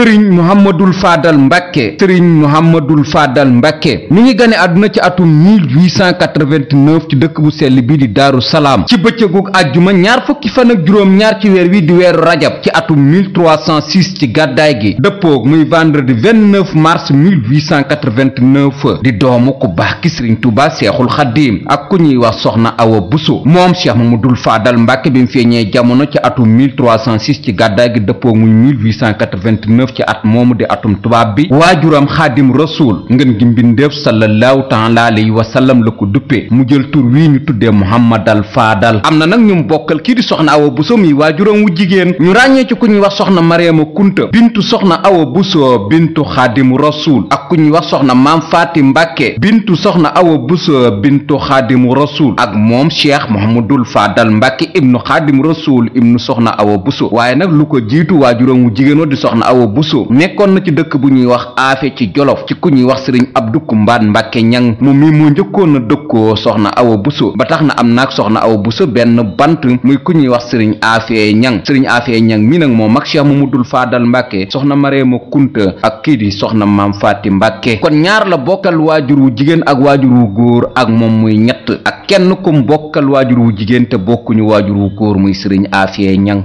sëriñ muhammadul faadal mbàkke sëriñ muhammadul faadal mbàkke mi ngi gane àdduna ci atum 1889 ci dëkk bu sell bii di daaru salaam ci bëccëgu àjjuma ñaar fukki fan ak juróom ñaar ci weer wi di weeru rajab ci atum 1306 ci gàddaay gi dëppoog muy vendredi 29 mars 1889 di doomu ku baax ki sëriñ tuuba seexul xaddiim ak ku ñuy wax soxna awa buso moom cheikh mamadul faadal mbàkke bi mu feeñee jamono ci atum 1306 ci gàddaay gi dëppoog muy 1889 ci at moomu di atum tubaab bi waajuram xaadim rasuul ngeen gi mbindeef sallallahu taala alayhi wa sallam la ko duppee mu jël tur wii ñu tuddee muhammadal faadal am na nag ñu bokkal kii di soxna awa buso mi waajuram wu jigéen ñu ràññee ci ku ñuy wax soxna mariama kunta bintu soxna awa busoo bintu xaadim rasuul ak ku ñuy wax soxna maam faati mbàkke bintu soxna awa buso bintu xaadim rasuul ak moom cheikh mohamadul faadal mbàkke ibnu xaadim rasuul ibnu soxna awa buso waaye nag lu ko jiitu waajuram wu jigéen wa di soxna awa Bousso nekkoon na ci dëkk bu ñuy wax aafe ci jolof ci ku ñuy wax sëriñ Abdou Kumbaan Mbàkke ñang moom mi moo njëkkoon a dëkkoo soxna Awa Bousso ba tax na am naag soxna Awa Bousso benn bant muy ku ñuy wax sëriñ aafe ñan sëriñ aafe ñang mi nag moo mag Cheikh Mamadul Faadal Mbàkke soxna Mareema Kunta ak kii di soxna Maam Faati Mbàkke kon ñaar la bokkal waajur wu jigéen ak waajur wu góor ak moom muy ñett ak kenn kum bokkal waajur wu jigéen te bokkuñu waajur góor muy sëriñ aafe ñang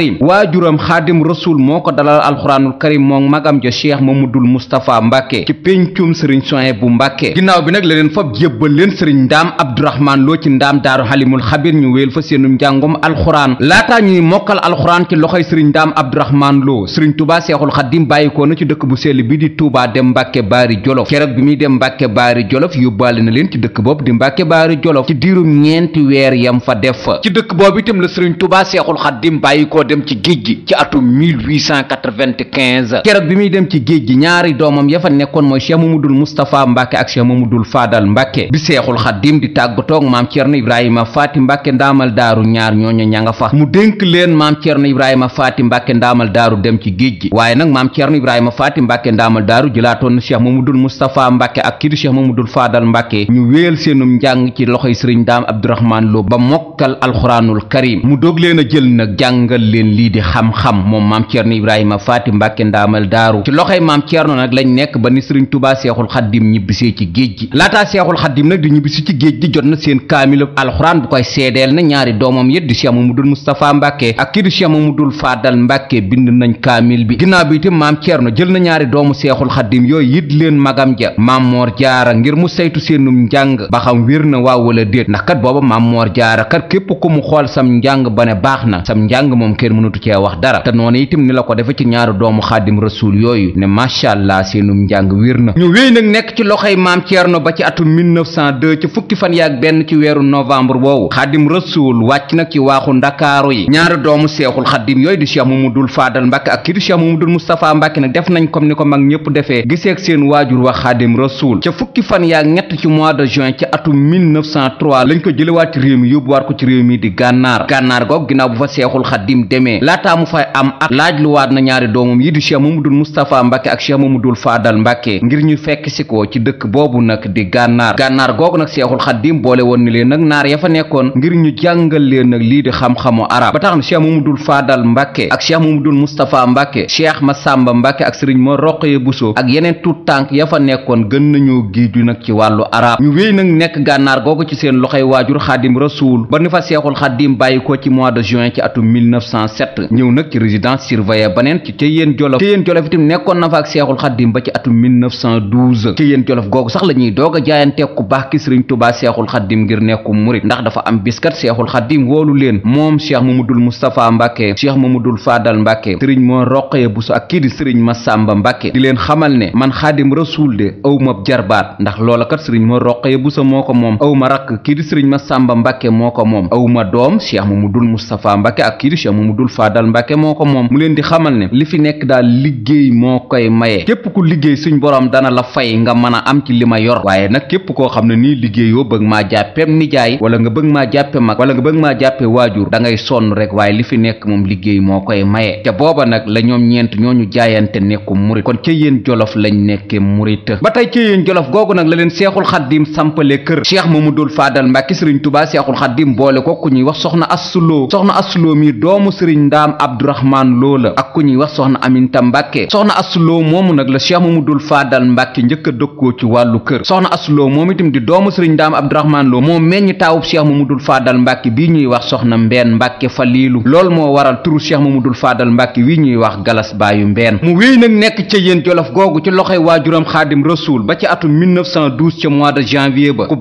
karim waajuram xaadim rasul moo ko dalal alxuraanul karim moom magam ja cheikh mamadul moustapha mbàkke ci péncum sëriñ soen bu mbàkke ginnaaw bi nag la leen fab jébbal leen sëriñ ndaam abdourahmaan loo ci ndaam daaru xalimul xabir ñu wéel fa seenum njàngum alxuraan laataa ñuy mokkal alxuraan ci loxoy sëriñ ndaam abdourahmaan loo sëriñ tubaa seexul xadim bàyyikoo na ci dëkk bu sell bi di tuubaa dem mbàkke baari jolof keroog bi muy dem mbàkke baari jolof yóbbaale na leen ci dëkk boobu di mbàkke baari jolof ci diirum ñeenti weer yam fa def fa ci dëkk boobu itam la dem ci géej gi ci atum 1895 keroog bi muy dem ci géej gi ñaari doomam ya fa nekkoon mooy Cheikh Mamadul Moustapha Mbàkke ak Cheikh Mamadul Faadal Mbàkke bi Seexul Xaddim di tàggatoog maam Cerno Ibrahima Faati mbakke ndaamal daaru ñaar ñooñu ña nga fa mu dénk leen maam Cerno Ibrahima Faati Mbàkke ndaamal daaru dem ci géej gi waaye nag maam Cerno Ibrahima Faati Mbàkke ndaamal daaru jëlaatoon na Cheikh Mamadul Moustapha Mbàkke ak kii di Cheikh Mamadul Faadal Mbàkke ñu wéel seenum njàng ci loxo Sëriñ Daam Abdourahmaan Lo ba mu doog leen a leen lii di xam-xam moom maam Thierno Ibrahima Faty Mbacke ndaamal daaru ci loxoy maam Thierno nag lañ nekk ba ni Serigne Seexul Xaddim ñibbisee ci géej gi laataa Seexul Xaddim nag di ñibbisi ci géej gi jot na seen kaamil alxuraan bu koy seedeel na ñaari doomam yët di Cheikh Mamadou Moustapha Mbacke ak kii di Cheikh Mamadou Fadal Mbacke bind nañ kaamil bi ginnaaw bi itam maam Thierno jël na ñaari doomu Seexul Xaddim yooyu yit leen magam ja maam Mor Jaara ngir mu saytu seenum njàng ba xam wér na waaw wala déet ndax kat booba maam Mor Jaara kat képp ku mu xool sam njàng ba ne kenn mënatu cee wax dara te noonu itam ni la ko defe ci ñaaru doomu xaadim rasul yooyu ne macha allah seenum njàng wér na ñu wéy nekk ci loxoy maam Thierno ba ci atum ci fukki fan yaak benn ci weeru novembre woowu xaadim rasul wàcc nag ci waaxu ndakaaru yi ñaari doomu seexul xaadim yooyu di cheikh mamadul faadal mbàkke ak kii di cheikh mamadul moustapha mbàkke nag def nañ comme ni ko mag ñëpp defee giseeg seen waajur wa xaadim rasul ca fukki fan yaak ñett ci mois de juin ci atum 1903 lañ ko jëlewaat ci di gànnaar gànnaar demee laataa mu fay am at laaj luwaat na ñaari doomam yi di cheikh mamadul moustapha mbàkke ak cheikh mamadul faadal mbàkke ngir ñu fekk si ko ci dëkk boobu nag di gànnaar gànnaar googu nag seexul xaddim boole woon ni leen nag naar ya fa nekkoon ngir ñu jàngal leen nag lii di xam-xamu arab ba tax na cheikh dul faadal mbàkke ak cheikh mamadul moustapha mbàkke cheikh masamba mbàkke ak sëriñ ma roqee buso ak yeneen tuut tànk ya fa nekkoon gën nañoo giiju nag ci wàllu arab ñu wéy nag nekk gànnaar googu ci seen loxoy waajur xaadim rasuul ba ni fa seexul xaddim bàyyi ko ci de juin ci atum 1907 ñëw nag ci résidence surveillée baneen ci ca yéen jolof ca yéen jolof itam nekkoon na fa ak seexul xaddim ba ci atum ca yéen jolof googu sax la ñuy doog a baax ki sëriñ tubaa seexul xaddim ngir nekku murit ndax dafa am biskat seexul xaddim woolu leen moom cheikh mamadul moustapha mbàkke cheikh mamadul faadal mbàkke sëriñ moo roqee buso ak kii di sëriñ masàmba mbàkke di leen xamal ne man xaadim rasuul de aw ma jarbaat ndax loola kat sëriñ moo roqee ma rakk kii di sëriñ masàmba ma doom cheikh mamadul moustapha mbàkke ak kii di cheikh mamadul Abdoul Fadal Mbacke moo ko moom mu leen di xamal ne li fi nekk daal liggéey moo koy maye képp ku liggéey suñ borom dana la fay nga mën a am ci li ma yor waaye nag képp koo xam ne nii liggéeyoo bëgg maa jàppeem nijaay wala nga bëgg maa jàppe mag wala nga bëgg maa jàppe waajur da ngay sonn rek waaye li fi nekk moom liggéey moo koy maye ca booba nag la ñoom ñeent ñoo ñooñu jaayante nekku murit kon ca yéen jolof lañ nekke murit ba tey ca yéen jolof googu nag la leen seexul xaddim sampale kër cheikh mamadul faadal mbàkke sëriñ tubaa seexul xaddim boole ko ku ñuy wax soxna assuloo sëriñ ndaam abdourahmaan loo la ak ku ñuy wax soxna aminta mbàkke soxna asuloo moomu nag la cheikh mamadul faadal mbàkke njëkk dëkkoo ci wàllu kër soxna asuloo moom itam di doomu sëriñ ndaam abdourahmaan loo moom meññ taawub cheikh mamadul faadal mbàkke bii ñuy wax soxna mbeen mbàkke faliilu loolu moo waral turu cheikh mamadul faadal mbàkke wi ñuy wax galas baayu mbeen mu wéy nag nekk ca yéen jolof googu ci loxoy waajuram xaadim rasuul ba ci atum 1912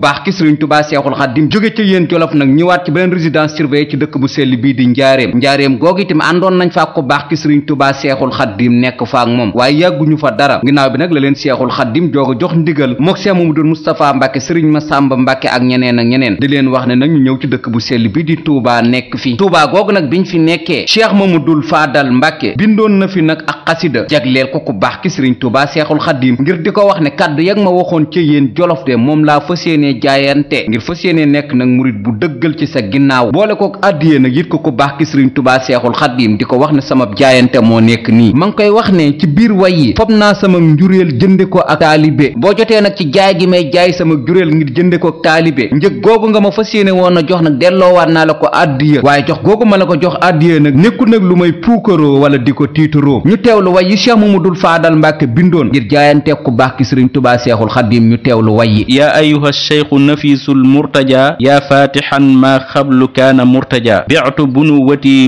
njaareem googu itam àndoon nañ fa ak ku baax ki sëriñ tubaa seexul xaddim nekk fa ak moom waaye yàgguñu fa dara ginnaaw bi nag la leen seexul xaddim jooga jox ndigal mook seex mamadul mustapha mbàkke sëriñ masàmba mbàkke ak ñeneen a ñeneen di leen wax ne nag ñu ñëw ci dëkk bu sell bi di tuubaa nekk fi tuubaa googu nag bi ñu fi nekkee cheikh mamadul faadal mbàkke bindoon na fi nag ak xasida jagleel ko ku baax ki sëriñ tubaa seexul xaddim ngir di ko wax ne kàddu yag ma waxoon ci yéen jolof de moom laa fas yéenee jaayante ngir fas yéenee nekk nag murit bu dëggal ci sa ginnaaw boole Tuubaa Seexul Xadiim di ko wax ne sama jaayante moo nekk nii man ngi koy wax ne ci biir way yi fob naa sama njuréel jënde ko ak taalibe boo jotee nag ci jaay gi may jaay sama juréel ngir jënde ko ak taalibe njëg googu nga ma fas yéene woon na jox nag delloowaat naa la ko àddiya waaye jox googu ma la ko jox àddiya nag nekkul nag lu may puukaroo wala di ko tiitaroo ñu teewlu way yi Cheikh Mamadou Fadal Mbàkke bindoon ngir jaayante ku baax ki Sëriñ Tuubaa Seexul Xadiim ñu teewlu way yi yaa ayuha cheikhu nafisul murtaja yaa fatihan ma xablu kaana murtaja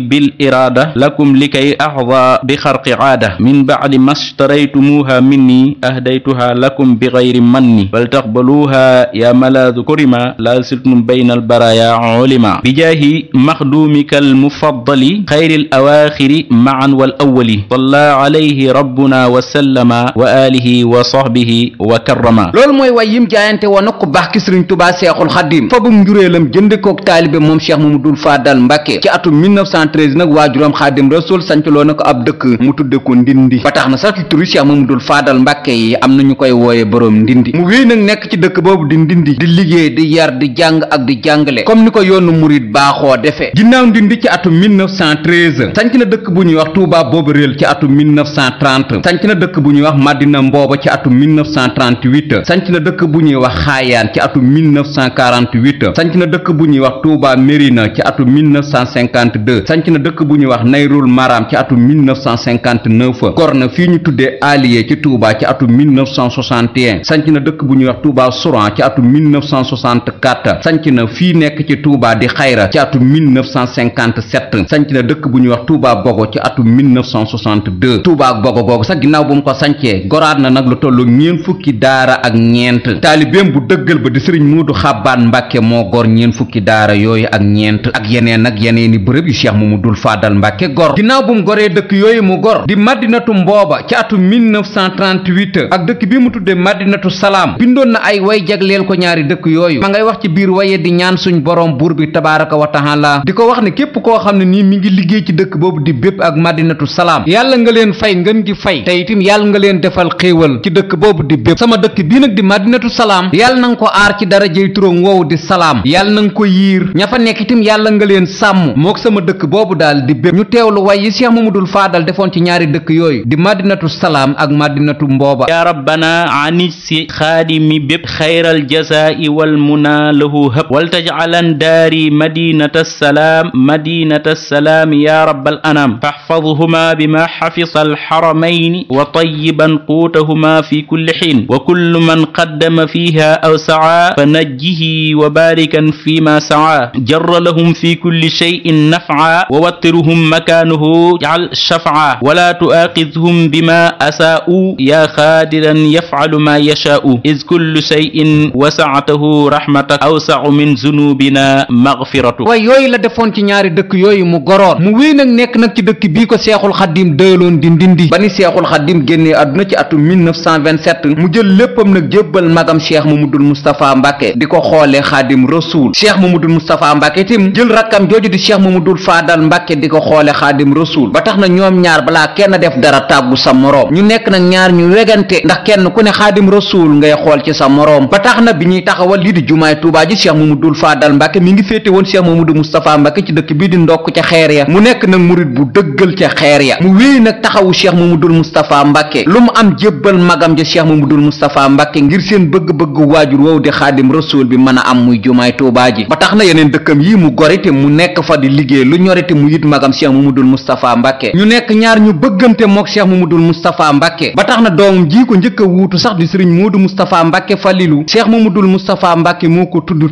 bi'tu bil iraada lakum likay axdaa bi xarqi aada min bacdi mastaraytumuuha minni ahdaytuha lakum bi gayri manni faltaqbaluuha yaa malaadu kurima laa siltum bayna albaraaya ulima bijaahi maxduumika almufaddali xayri al awaaxiri macan wal awali salla alayhi rabbuna wa sallama wa aalihi wa sahbihi wa karrama loolu mooy way yim jaayante woon ak ku baax ki sëriñ tubaa seexul xadim fa bu njureelam jënd kook taalibe moom cheikh mamadul faadal mbàkke ci atum 1913 Aziz waajuram xaadim rasul sancaloo na ko ab dëkk mu tudde ko ndindi ba tax na sax ci turu Cheikh Mamadul Faadal Mbàkke yi am na ñu koy wooye boroom ndindi mu wéy nag nekk ci dëkk boobu di ndindi di liggéey di yar di jàng ak di jàngale comme ni ko yoonu murit baaxoo defee ginnaaw ndindi ci atum 1913 sanc na dëkk bu ñuy wax Touba boobu réel ci atum 1930 sanc na dëkk bu ñuy wax Madina Mbooba ci atum 1938 sanc na dëkk bu ñuy wax Xaayaan ci atum 1948 sanc na dëkk bu ñuy wax Touba Mérina ci atum 1952 sanc na dëkk bu ñuy wax Nayrul Maram ci atum 1959 gor na fii ñu tuddee Aliye ci Touba ci atum 1961 sanc na dëkk bu ñuy wax Touba Souran ci atum 1964 sanc na fii nekk ci Touba di Xayra ci atum 1957 sanc na dëkk bu ñu wax Touba Bogo ci atum 1962 Touba Bogo googu sax ginnaaw bu mu ko sancee goraat na nag lu tollu ñeen fukki daara ak ñeent taalibeem bu dëggal ba di sëriñ Moodu Xabbaan Mbàkke moo gor ñeen fukki daara yooyu ak ñeent ak yeneen ak yeneeni bërëb yu Cheikh Mamadou Mouhamadoul Fadal Mbàkke gor ginnaaw bu mu goree dëkk yooyu mu gor di madinatu mbooba ci atu 1938 ak dëkk bi mu tudde madinatu salaam bindoon na ay way jagleel ko ñaari dëkk yooyu ma ngay wax ci biir waye di ñaan suñ borom buur bi tabaaraka wa taala di ko wax ne képp koo xam ne nii mi ngi liggéey ci dëkk boobu di bépp ak madinatu salaam yàlla nga leen fay ngeen gi fay te itam yàlla nga leen defal xéewal ci dëkk boobu di bépp sama dëkk bi nag di madinatu salaam yàlla na nga ko aar ci dara jëy turam woowu di salaam yàlla na nga ko yiir ña fa nekk itam yàlla nga leen sàmm mook sama dëkk daal di bépp ñu teewlu way yi Cheikh Mamadou Fadal defoon ci ñaari dëkk yooyu di madinatu salaam ak madinatu mbooba yaa rabbana anis si xaadimi bépp xayral jasaa'i wal muna lahu hëb wal tajcalan daari madinata salaam madinata salaam yaa rabbal anam faxfadhuma bima xafisa alxaramayni wa tayiban quutahuma fi kulli xiin wa kullu man qaddama fiha aw sacaa fa najjihi wa baarikan fi ma sacaa jarra lahum fi kulli shayin nafca tuwattiruhum makaanuhu jacal shafaa wala tuaaxidhum bima asaa'u yaa xaadiran yafcalu maa yashaa'u is kullu shay'in wasaatahu rahmatak awsacu min zunubina magfiratu waaye yooyu la defoon ci ñaari dëkk yooyu mu goroor mu wéy nag nekk nag ci dëkk bii ko seexul xaddim dëyaloon di ndindi ba ni seexul xaddim génnee àdduna ci atum 1927 mu jël léppam nag jébbal magam cheikh mamadul moustapha mbàkke di ko xoolee xaadim rasuul cheikh mamadul moustapha mbàkke tim jël rakkam jooju di cheikh mamadul faadal mbàkke mbàkke di ko xoole xaadim rasuul ba tax na ñoom ñaar balaa kenn def dara tàggu sa moroom ñu nekk nag ñaar ñu wegante ndax kenn ku ne xaadim rasuul ngay xool ci sa moroom ba tax na bi ñuy taxawal lii di jumaay tuubaa mu cheikh mamadul faadal mbàkke mi ngi féete woon cheikh mamadou moustapha mbàkke ci dëkk bii di ndokk ca xeer ya mu nekk nag murit bu dëggal ca xeer ya mu wéy nag taxawu cheikh mamadul moustapha mbàkke lu mu am jébbal magam ja cheikh mamadul moustapha mbàkke ngir seen bëgg-bëgg waajur woow di xaadim rasuul bi mën a am muy jumaay tuubaa ji ba tax na yeneen dëkkam yi mu gorite mu nekk fa di liggéey lu ñorite mu yit magam cheikh mamadul moustapha mbàkke ñu nekk ñaar ñu bëggante mook cheikh mamadul moustapha mbàkke ba tax na doomam ji a wuutu di sëriñ moodu moustapha mbàkke falilu cheikh mamadul moustapha mbàkke moo ko tudd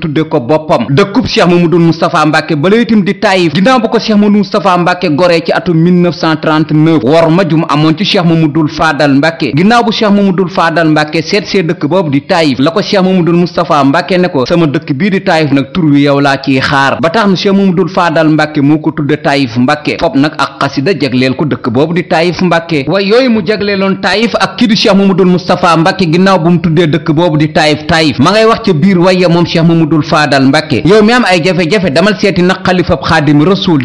mbàkke ba itam di taayif ginnaaw ba ko cheikh mamadul moustapha mbàkke goree ci atum wor ma jum amoon ci cheikh mamadul faadal mbàkke ginnaaw bu cheikh mamadul faadal mbàkke seet see dëkk boobu di taayif la ko cheikh mamadul moustapha mbàkke ne ko sama dëkk bii di taayif nag tur wi yow laa ciy xaar ba tax na cheikh mamadul faadal Taïf Mbàkke fop nag ak xasida jagleel ko dëkk boobu di Taïf Mbàkke way yooyu mu jagleeloon Taïf ak kii di Cheikh Mamadul Moustapha Mbàkke ginnaaw bu mu tuddee dëkk boobu di Taïf Taïf ma ngay wax ca biir waye moom Cheikh Mamadul Faadal Mbàkke yow mi am ay jafe-jafe damal seeti nag xalifab di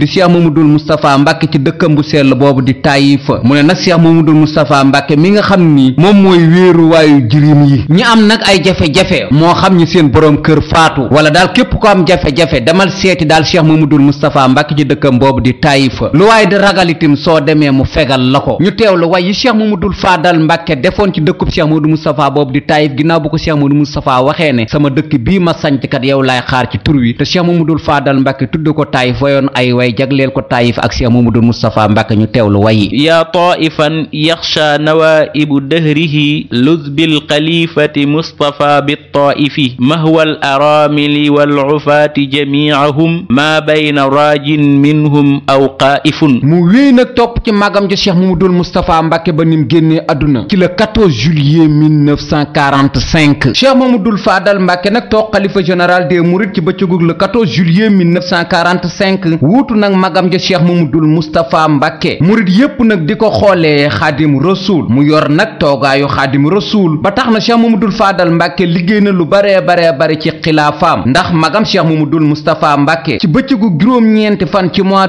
Cheikh Mamadul Moustapha Mbàkke ci dëkkam bu sell boobu di Taïf mu ne nag Cheikh Mamadul Moustapha Mbàkke mi nga xam ni moom mooy wéeruwaayu jirim yi ñi am nag ay jafe-jafe moo xam ñi seen boroom kër faatu wala daal képp ko am jafe-jafe damal seeti daal Cheikh Mamadul Moustapha Mbàkke ci dëkkam boobu di taayifa lu waaye di ragal itam soo demee mu fegal la ko ñu teewlu way yi cheikh mamadul faadal mbàkke defoon ci dëkkub cheikh mamadou moustapha boobu di taayif ginnaaw bu ko cheikh mamadou moustapha waxee ne sama dëkk bii ma sanc kat yow laay xaar ci tur wi te cheikh mamadul faadal mbàkke tudd ko taayif wayoon ay way jagleel ko taayif ak cheikh mamadou moustapha mbàkke ñu teewlu way ya taifan yaxsha nawaibu dëhrihi luz bil xalifati mustafa bi taifi mahwa al aramili wal ufaati jamiahum ma bayna rajin minhu minhum aw qaa'ifun mu wéy nag topp ci magam ji cheikh mamadul moustapha mbàkke ba nim génnee àdduna ci le 14 juillet 1945 cheikh mamadul faadal mbàkke nag toog xalifa général des mourides ci bëccëgug le 14 juillet 1945 wuutu nag magam ja cheikh mamadul moustapha mbàkke murit yépp nag di ko xoolee xaadim rasuul mu yor nag toogaayu xaadim rasuul ba tax na cheikh mamadul faadal mbàkke liggéey na lu baree baree bare ci xilaafaam ndax magam cheikh mamadul moustapha mbàkke ci bëccëgu juróom-ñeenti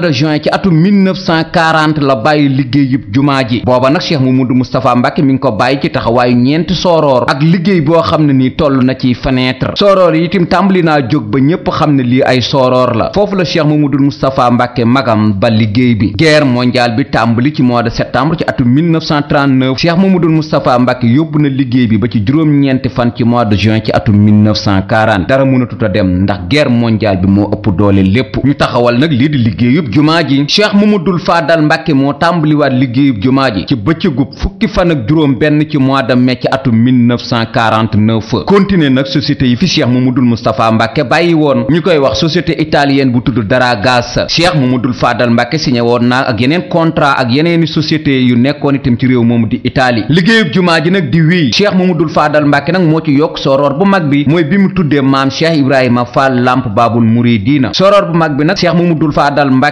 mois de juin ci atum 1940 la bàyyi liggéeyub jumaa ji booba nag cheikh mamadou moustapha mbàkke mi ngi ko bàyyi ci taxawaayu ñeenti sooroor ak liggéey boo xam ne ni toll na ci fenêtre sooroor yi itam tàmbali naa jóg ba ñépp xam ne lii ay soroor la foofu la cheikh mamadou moustapha mbàkke magam ba liggéey bi guerre mondiale bi tàmbali ci mois de septembre ci atum 1939 cheikh mamadou moustapha mbàkke yóbbu na liggéey bi ba ci juróom-ñeenti fan ci mois de juin ci atum 1940 dara mënatut a dem ndax guerre mondiale bi moo ëpp doole lépp ñu taxawal liggéeyub jumaa ji cheikh mamadul faadal mbàkke moo tàmbaliwaat liggéeyub jumaa ji ci bëccëgub fukki fan ak juróom benn ci mois de mai ci atum 1949 continué nag société yi fi cheikh mamadul moustapha mbàkke bàyyi woon ñu koy wax société italienne bu tudd dara Daragas mu mamadul faadal mbàkke signé woon naa ak yeneen contrat ak yeneeni société yu nekkoon itam ci réew moom di Italie liggéeyub jumaa ji nag di wii mu mamadul faadal mbàkke nag moo ci yokk soroor bu mag bi mooy bi mu tuddee maam ibrahima fall lamp baabul muridiina soroor bu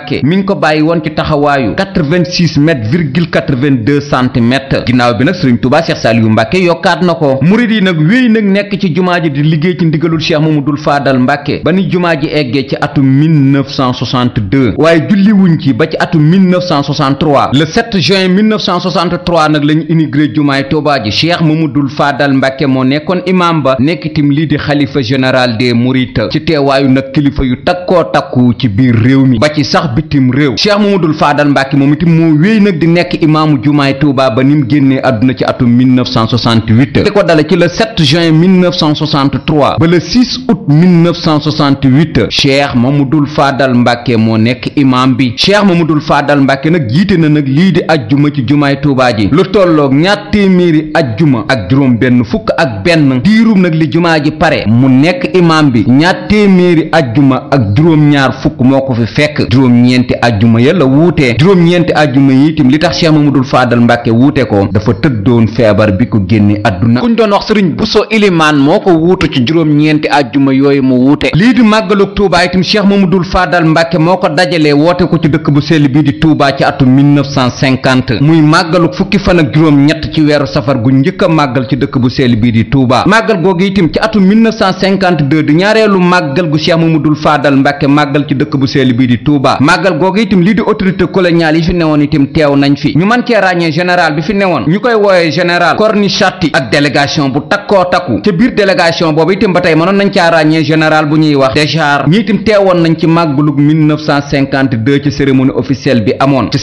Mbàkke mi ngi ko bàyyi woon ci taxawaayu 86 mètres virgule 82 centimètres ginnaaw bi nag Sëriñ Tuubaa Cheikh Saliou Mbàkke yokkaat na ko murid yi nag wéy nag nekk ci jumaa ji di liggéey ci ndigalul Cheikh Mamadou Fadal Mbàkke ba ni jumaa ji eggee ci atum 1962 waaye julli wuñ ci ba ci atum 1963 le 7 juin 1963 nag lañu inauguré jumaay Tuubaa ji Cheikh dul Fadal Mbàkke moo nekkoon imaam ba nekk itam lii di xalifa général de mourides ci teewaayu nag kilifa yu takkoo takku ci biir réew mi ba ci sax bitim réew cheikh mamadul faadal mbàkke moom itam moo wéy nag di nekk imaamu jumaay tuuba ba ni mu génnee àdduna ci atum 1968 li ko dale ci le 7 juin 1963 ba le 6 août 1968 cheikh dul faadal mbàkke moo nekk imaam bi cheikh mamadul faadal mbàkke nag jiite na nag lii di ajjuma ci jumaay tuuba ji lu tolloog ñaar téeméeri ajjuma ak juróom benn fukk ak benn diirum nag li jumaa ji pare mu nekk imaam bi ñaar téeméeri ajjuma ak juróom-ñaar fukk moo ko fi fekk juróom juróom-ñeenti ajjuma ya la wuutee juróom-ñeenti ajjuma yi itam li tax Cheikh Mamadou Fadal Mbàkke wuute ko dafa tëddoon feebar bi ko génne àdduna kuñ doon wax sëriñ Bousso Ilimaan moo ko wuutu ci juróom-ñeenti ajjuma yooyu mu wuute lii di màggalug Tuubaa itam Cheikh dul Fadal Mbàkke moo ko dajalee woote ko ci dëkk bu sell bii di Tuubaa ci atum 1950 muy màggalug fukki fan ak juróom ci weeru safar gu njëkk a màggal ci dëkk bu seel bii di Touba màggal googu itam ci atum 1952 di ñaareelu màggal gu Cheikh Mamadou Fadal Mbacke màggal ci dëkk bu seel bii di Touba màggal googu itam lii di autorité coloniale yi fi newoon itam teew nañ fi ñu man cee ràññee général bi fi newoon ñu koy wooyee général Cornichati ak délégation bu takkoo takku ca biir délégation boobu itam ba tey manoon nañ caa ràññee général bu ñuy wax Déchar ñi itam teewoon nañ ci màggalug 1952 ci cérémonie officielle bi amoon ci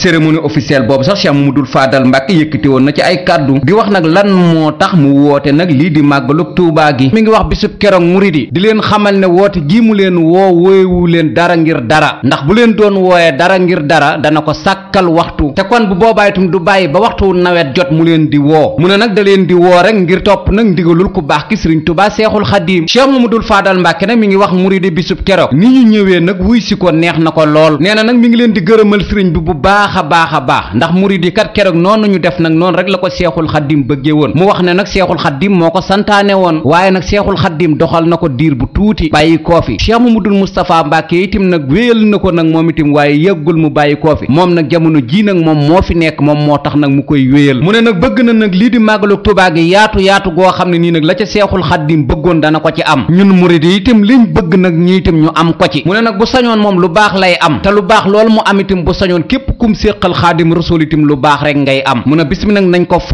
boobu sax Cheikh Mamadou Fadal Mbacke yëkkati woon na kàddu di wax nag lan moo tax mu woote nag lii di màgg lu tuubaa gi mi ngi wax bisub keroog murid yi di leen xamal ne woote gi mu leen woo wooyewu leen dara ngir dara ndax bu leen doon wooyee dara ngir dara dana ko sàkkal waxtu te kon bu boobaa itam du bàyyi ba waxtu nawet jot mu leen di woo mu ne nag da leen di woo rek ngir topp nag ndigalul ku baax ki sëriñ tubaa seexul xadiim mu dul faadal mbàkke nag mi ngi wax murid yi bisub keroog ni ñu ñëwee nag wuy si ko neex na ko lool nee na nag mi ngi leen di gërëmal sëriñ bi bu baax a a baax ndax murid yi kat keroog noonu ñu def nag noonu seexul xaddim bëgge mu wax ne nag seexul xaddim moo ko santaane woon waaye nag seexul xaddim doxal na ko diir bu tuuti bàyyi koo fi cheikh mamadul moustapha mbàkke itim nag wéyal na ko nag moom itim waaye yëggul mu bàyyi koo fi moom nag jamono ji nag moom moo fi nekk moom moo tax nag mu koy wéyal mu ne nag bëgg na nag lii di màggalu Tuubaa gi yaatu yaatu goo xam ne nii nag la ca seexul xaddim bëggoon dana ko ci am ñun murid yi liñ bëgg nag ñi itam ñu am ko ci mu nag bu sañoon moom lu baax lay am te lu baax loolu mu am itam bu sañoon képp kum séqal xaadim rasul itam lu baax rek ngay am mu ne bis mi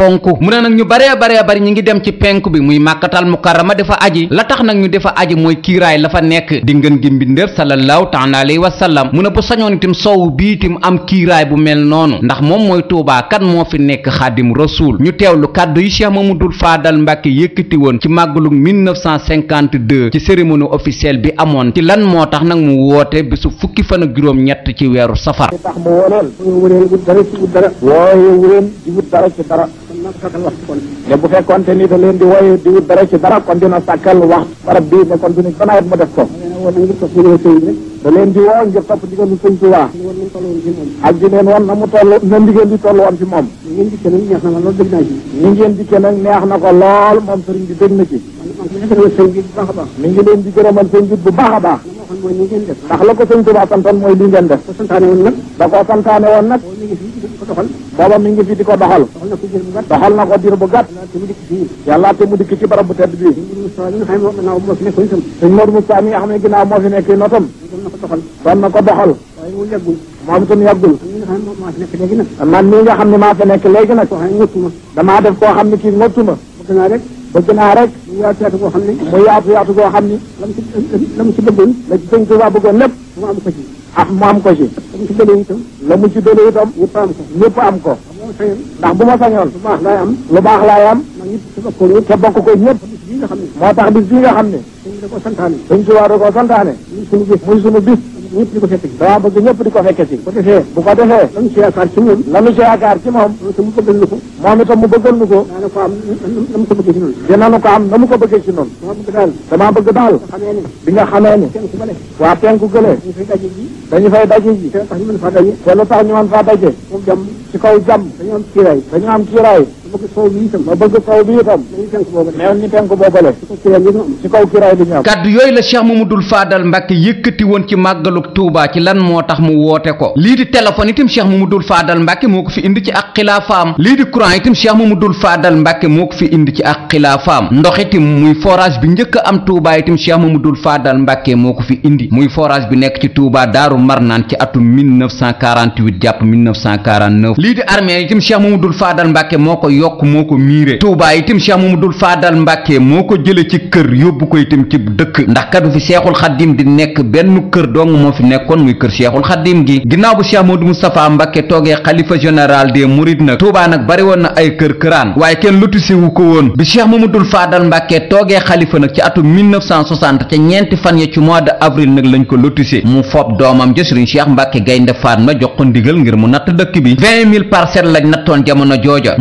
fonku mu ne nag ñu baree baree bari ñi ngi dem ci penku bi muy màkkatal mukarrama dafa aji la tax nag ñu dafa aji mooy kiiraay la fa nekk di ngeen gi mbindeef sallallahu taala alayhi wa sallam mu ne bu sañoon itam soow biitim am kiiraay bu mel noonu ndax moom mooy tuubaa kan moo fi nekk xaadim rasuul ñu teew lu kàddu yi cheikh mamadul faadal mbàkke yëkkati woon ci màggalug 1952 ci cérémonie officielle bi amoon ci lan moo tax nag mu woote bésu fukki fan ak juróom ñett ci weeru safar ne bu fekkoon te ni da leen di woy di wut dara ci dara kon dina sàkkal wax barab bii ne kon dina gën a mu def ko leen di woo ngir topp digal lu sëñ Tuubaa ak di leen woon na mu toll na ndigal di toll woon ci moom ñi ngeen dikkee nag neex na ko lool moom sëriñ bi dégg na ci mi ngi leen di gërëmal sëñ bi bu baax a baax waxoon mooy ni ngeen def ndax la ko sëñ Tuubaa santoon mooy li ngeen def ko santaane woon nag da ko santaane woon nag mi ngi fi di ko doxal booba mi ngi fi di ko doxal doxal na ko diir bu gàtt yàlla te mu dikk ci barab bu tedd bii sëñ Mor Moussa mi nga xam ne ginnaaw moo fi nekk notam doon na ko doxal moom itam yàggul man mii nga xam ne maa fi nekk léegi nag damaa def koo xam ne kii ngottuma bëgg naa rek bëgg naa rek ñu yaateetu boo xam ne mooy yaatu yaatu boo xam ne la mu ci la mu ci bëggoon la ci sëñ lépp mu am ko ci ah mu am ko ci la mu ci doole itam la mu ci doole itam ñëpp am ko ñëpp am ko ndax bu ma sañoon lu baax laay am lu baax laay am ndax ñëpp si bokk ko te bokk ko ñëpp moo tax bis xam ne sëñ da ko santaane sëñ bis ñëpp di ko fekk si daa bëgg ñëpp di ko fekke si bu defee bu ko defee lanu si yaakaar ci ñun lanu si yaakaar ci moom te mu bëggal nu ko moom itam mu bëggal nu ko daana ko am na mu ko bëggee si noonu dinanu ko am na mu ko bëggee si noonu dama bëgg daal damaa bëgg daal bi nga xamee ne waa penku gëlee dañu fay daje ji te lu tax ñu mën faa daje moom jàmm ci kaw jàmm dañu am kiiraay dañu am kiiraay bëgg soow bi itam ma bëgg soow bi itam neel ci kaw kiraay Fadal Mbacke yëkkati woon ci màggaluk Touba ci lan moo tax mu woote ko lii di téléphone itam Cheikh Mamadou Fadal Mbacke moo ko fi indi ci ak xilaafaam lii di courant itam Cheikh Mamadou Fadal Mbacke moo ko fi indi ci ak xilaafaam ndox itam muy forage bi njëkk am Touba itam Cheikh dul Fadal mbakke moo ko fi indi muy forage bi nekk ci Touba Daaru Marnaan ci atum 1948 jàpp 1949 lii di armée itam Cheikh Mamadou Fadal Mbacke moo ko yokk moo ko miire Touba itam Cheikh Mamadou Fadal Mbàkke moo ko jële ci kër yóbbu ko itam ci dëkk ndax kadu fi Seexul Xaddim di nekk benn kër dong moo fi nekkoon muy kër Seexul Xaddim gi ginnaaw bu Cheikh Mamadou Moustapha Mbàkke toogee xalifa général des Mourides nag Touba nag bari woon na ay kër këraan waaye kenn lotise wu ko woon bi Cheikh Mamadou Fadal Mbàkke toogee xalifa nag ci atum 1960 ca ñeenti fan ya ci mois de avril nag lañ ko lotise mu fob doomam ja Sëriñ Cheikh Mbàkke Gaynde Fatma jox ko ndigal ngir mu natt dëkk bi 20 000 parcelles lañ jamono jooja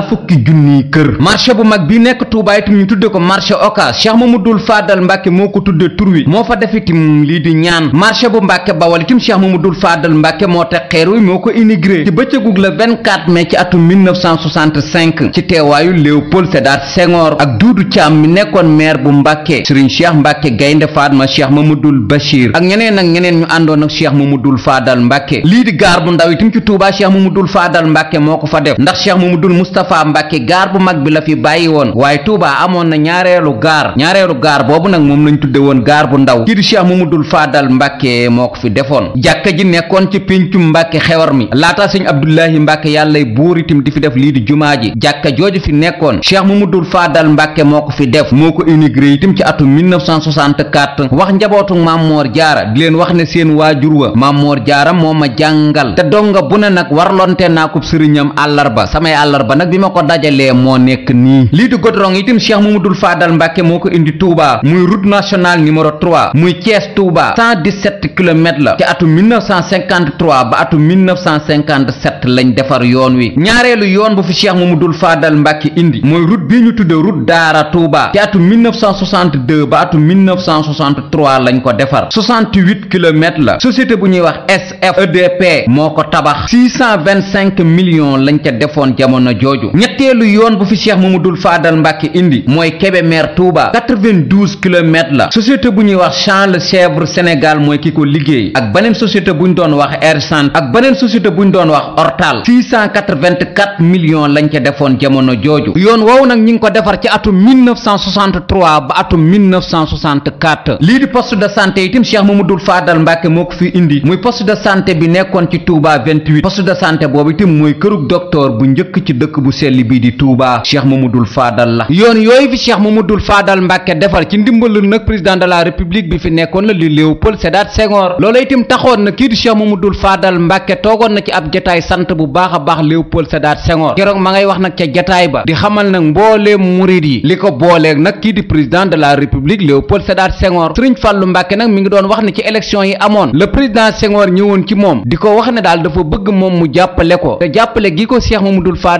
ñaar fukki junniy kër marché bu mag bi nekk Touba itam ñu tudde ko marché Ocass Cheikh Mamadou Fadal Mbacke moo ko tudde tur wi moo fa def itam lii di ñaan marché bu Mbacke Bawal itam Cheikh Mamadou Fadal Mbacke moo teg xeer wi moo ko inauguré ci bëccëgug le 24 mai ci atum 1965 ci teewaayu Léopold Sédar Senghor ak Doudou Thiam mi nekkoon maire bu Mbacke Serigne Cheikh Mbacke Gaynde Fatma Cheikh Mamadou Bachir ak ñeneen ak ñeneen ñu àndoon ak Cheikh Mamadou Fadal Mbacke lii di gaar bu ndaw itam ci Touba Cheikh Mamadou Fadal Mbacke moo ko fa def ndax Cheikh Mamadou Moustapha Moustapha Mbacke gaar bu mag bi la fi bàyyi woon waaye Touba amoon na ñaareelu gaar ñaareelu gaar boobu nag moom lañ tudde woon gaar bu ndaw kii di Cheikh Mamadou Fadal Mbacke moo ko fi defoon jàkka ji nekkoon ci péncum Mbacke xewar mi laata sëñ Abdoulahi Mbacke yàllay buur itam di fi def lii di jumaa ji jàkka jooju fi nekkoon Cheikh Mamadou Fadal Mbacke moo ko fi def moo ko inauguré itam ci atum 1964 wax njabootu Mame Mor Diarra di leen wax ne seen waajur wa Mame Mor Diarra moo ma jàngal te donga bu ne nag warlonte naa ko sëriñam àllarba samay àllarba nag bi ma ko dajalee moo nekk nii lii di goudron itam cheikh mamadul faadal mbàkke moo ko indi Touba muy route nationale numéro 3 muy Thiès Touba 117 kilomètres la ci atu 1953 ba atu 1957 lañ defar yoon wi ñaareelu yoon bu fi cheikh mamadul faadal mbàkke indi mooy route bii ñu tudde route daara Touba ci atu 1962 ba atu 1963 lañ ko defar 68 kilomètres la société bu ñuy wax SFEDP moo ko tabax 625 millions lañ ca defoon jamono jooju ñetteelu yoon bu fi Cheikh Mamadou Fadal Mbacke indi mooy Kébémer Touba 92 kilomètres la société bu ñuy wax Champs Lefèvre Sénégal mooy ki ko liggéey ak beneen société bu ñu doon wax Air Sante ak beneen société bu ñu doon wax Hortal 684 millions lañ ca defoon jamono jooju yoon woowu nag ñi ngi ko defar ci atum 1963 ba atum 1964 lii di poste de santé itam mu Mamadou Fadal Mbacke moo ko fi indi muy post de santé bi nekkoon ci Touba 28 poste de santé boobu itam mooy kërug docteur bu njëkk ci dëkk sell bii di Touba Cheikh Mamadou Fadal la yoon yooyu fi Cheikh Mamadou Fadal Mbàkke defar ci ndimbalul nag président de la république bi fi nekkoon la li Léopold Sédar Senghor loola itam taxoon na kii di Cheikh Mamadou Fadal Mbàkke toogoon na ci ab jataay sant bu baax a baax Léopold Sédar Senghor keroog ma ngay wax nag ca jataay ba di xamal nag mbooleem murid yi li ko booleeg nag kii di président de la république Léopold Sédar Senghor Sëriñ mi ngi doon wax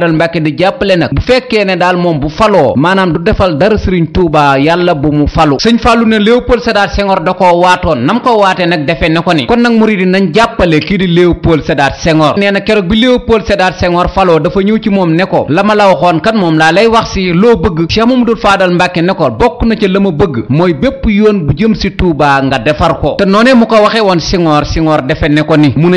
ne ci Mbàkke di jàppale nag bu fekkee ne daal moom bu faloo maanaam du defal dara sëriñ Tuuba yàlla bu mu falu sëñ Fàllu ne Léopold Sédar Senghor da koo waatoon nam ko waatee nag defee ne ko ni kon nag murid yi nañ jàppale kii di Léopold Sédar nee na keroog bi Léopold Sédar Senghor faloo dafa ñëw ci moom ne ko la ma la waxoon kan moom laa lay wax si loo bëgg Cheikh Mamadou Fadal Mbàkke ne ko bokk na ci la ma bëgg mooy bépp yoon bu jëm si Tuuba nga defar ko te noonee mu ko waxee woon Senghor Senghor defe ne ko ni mu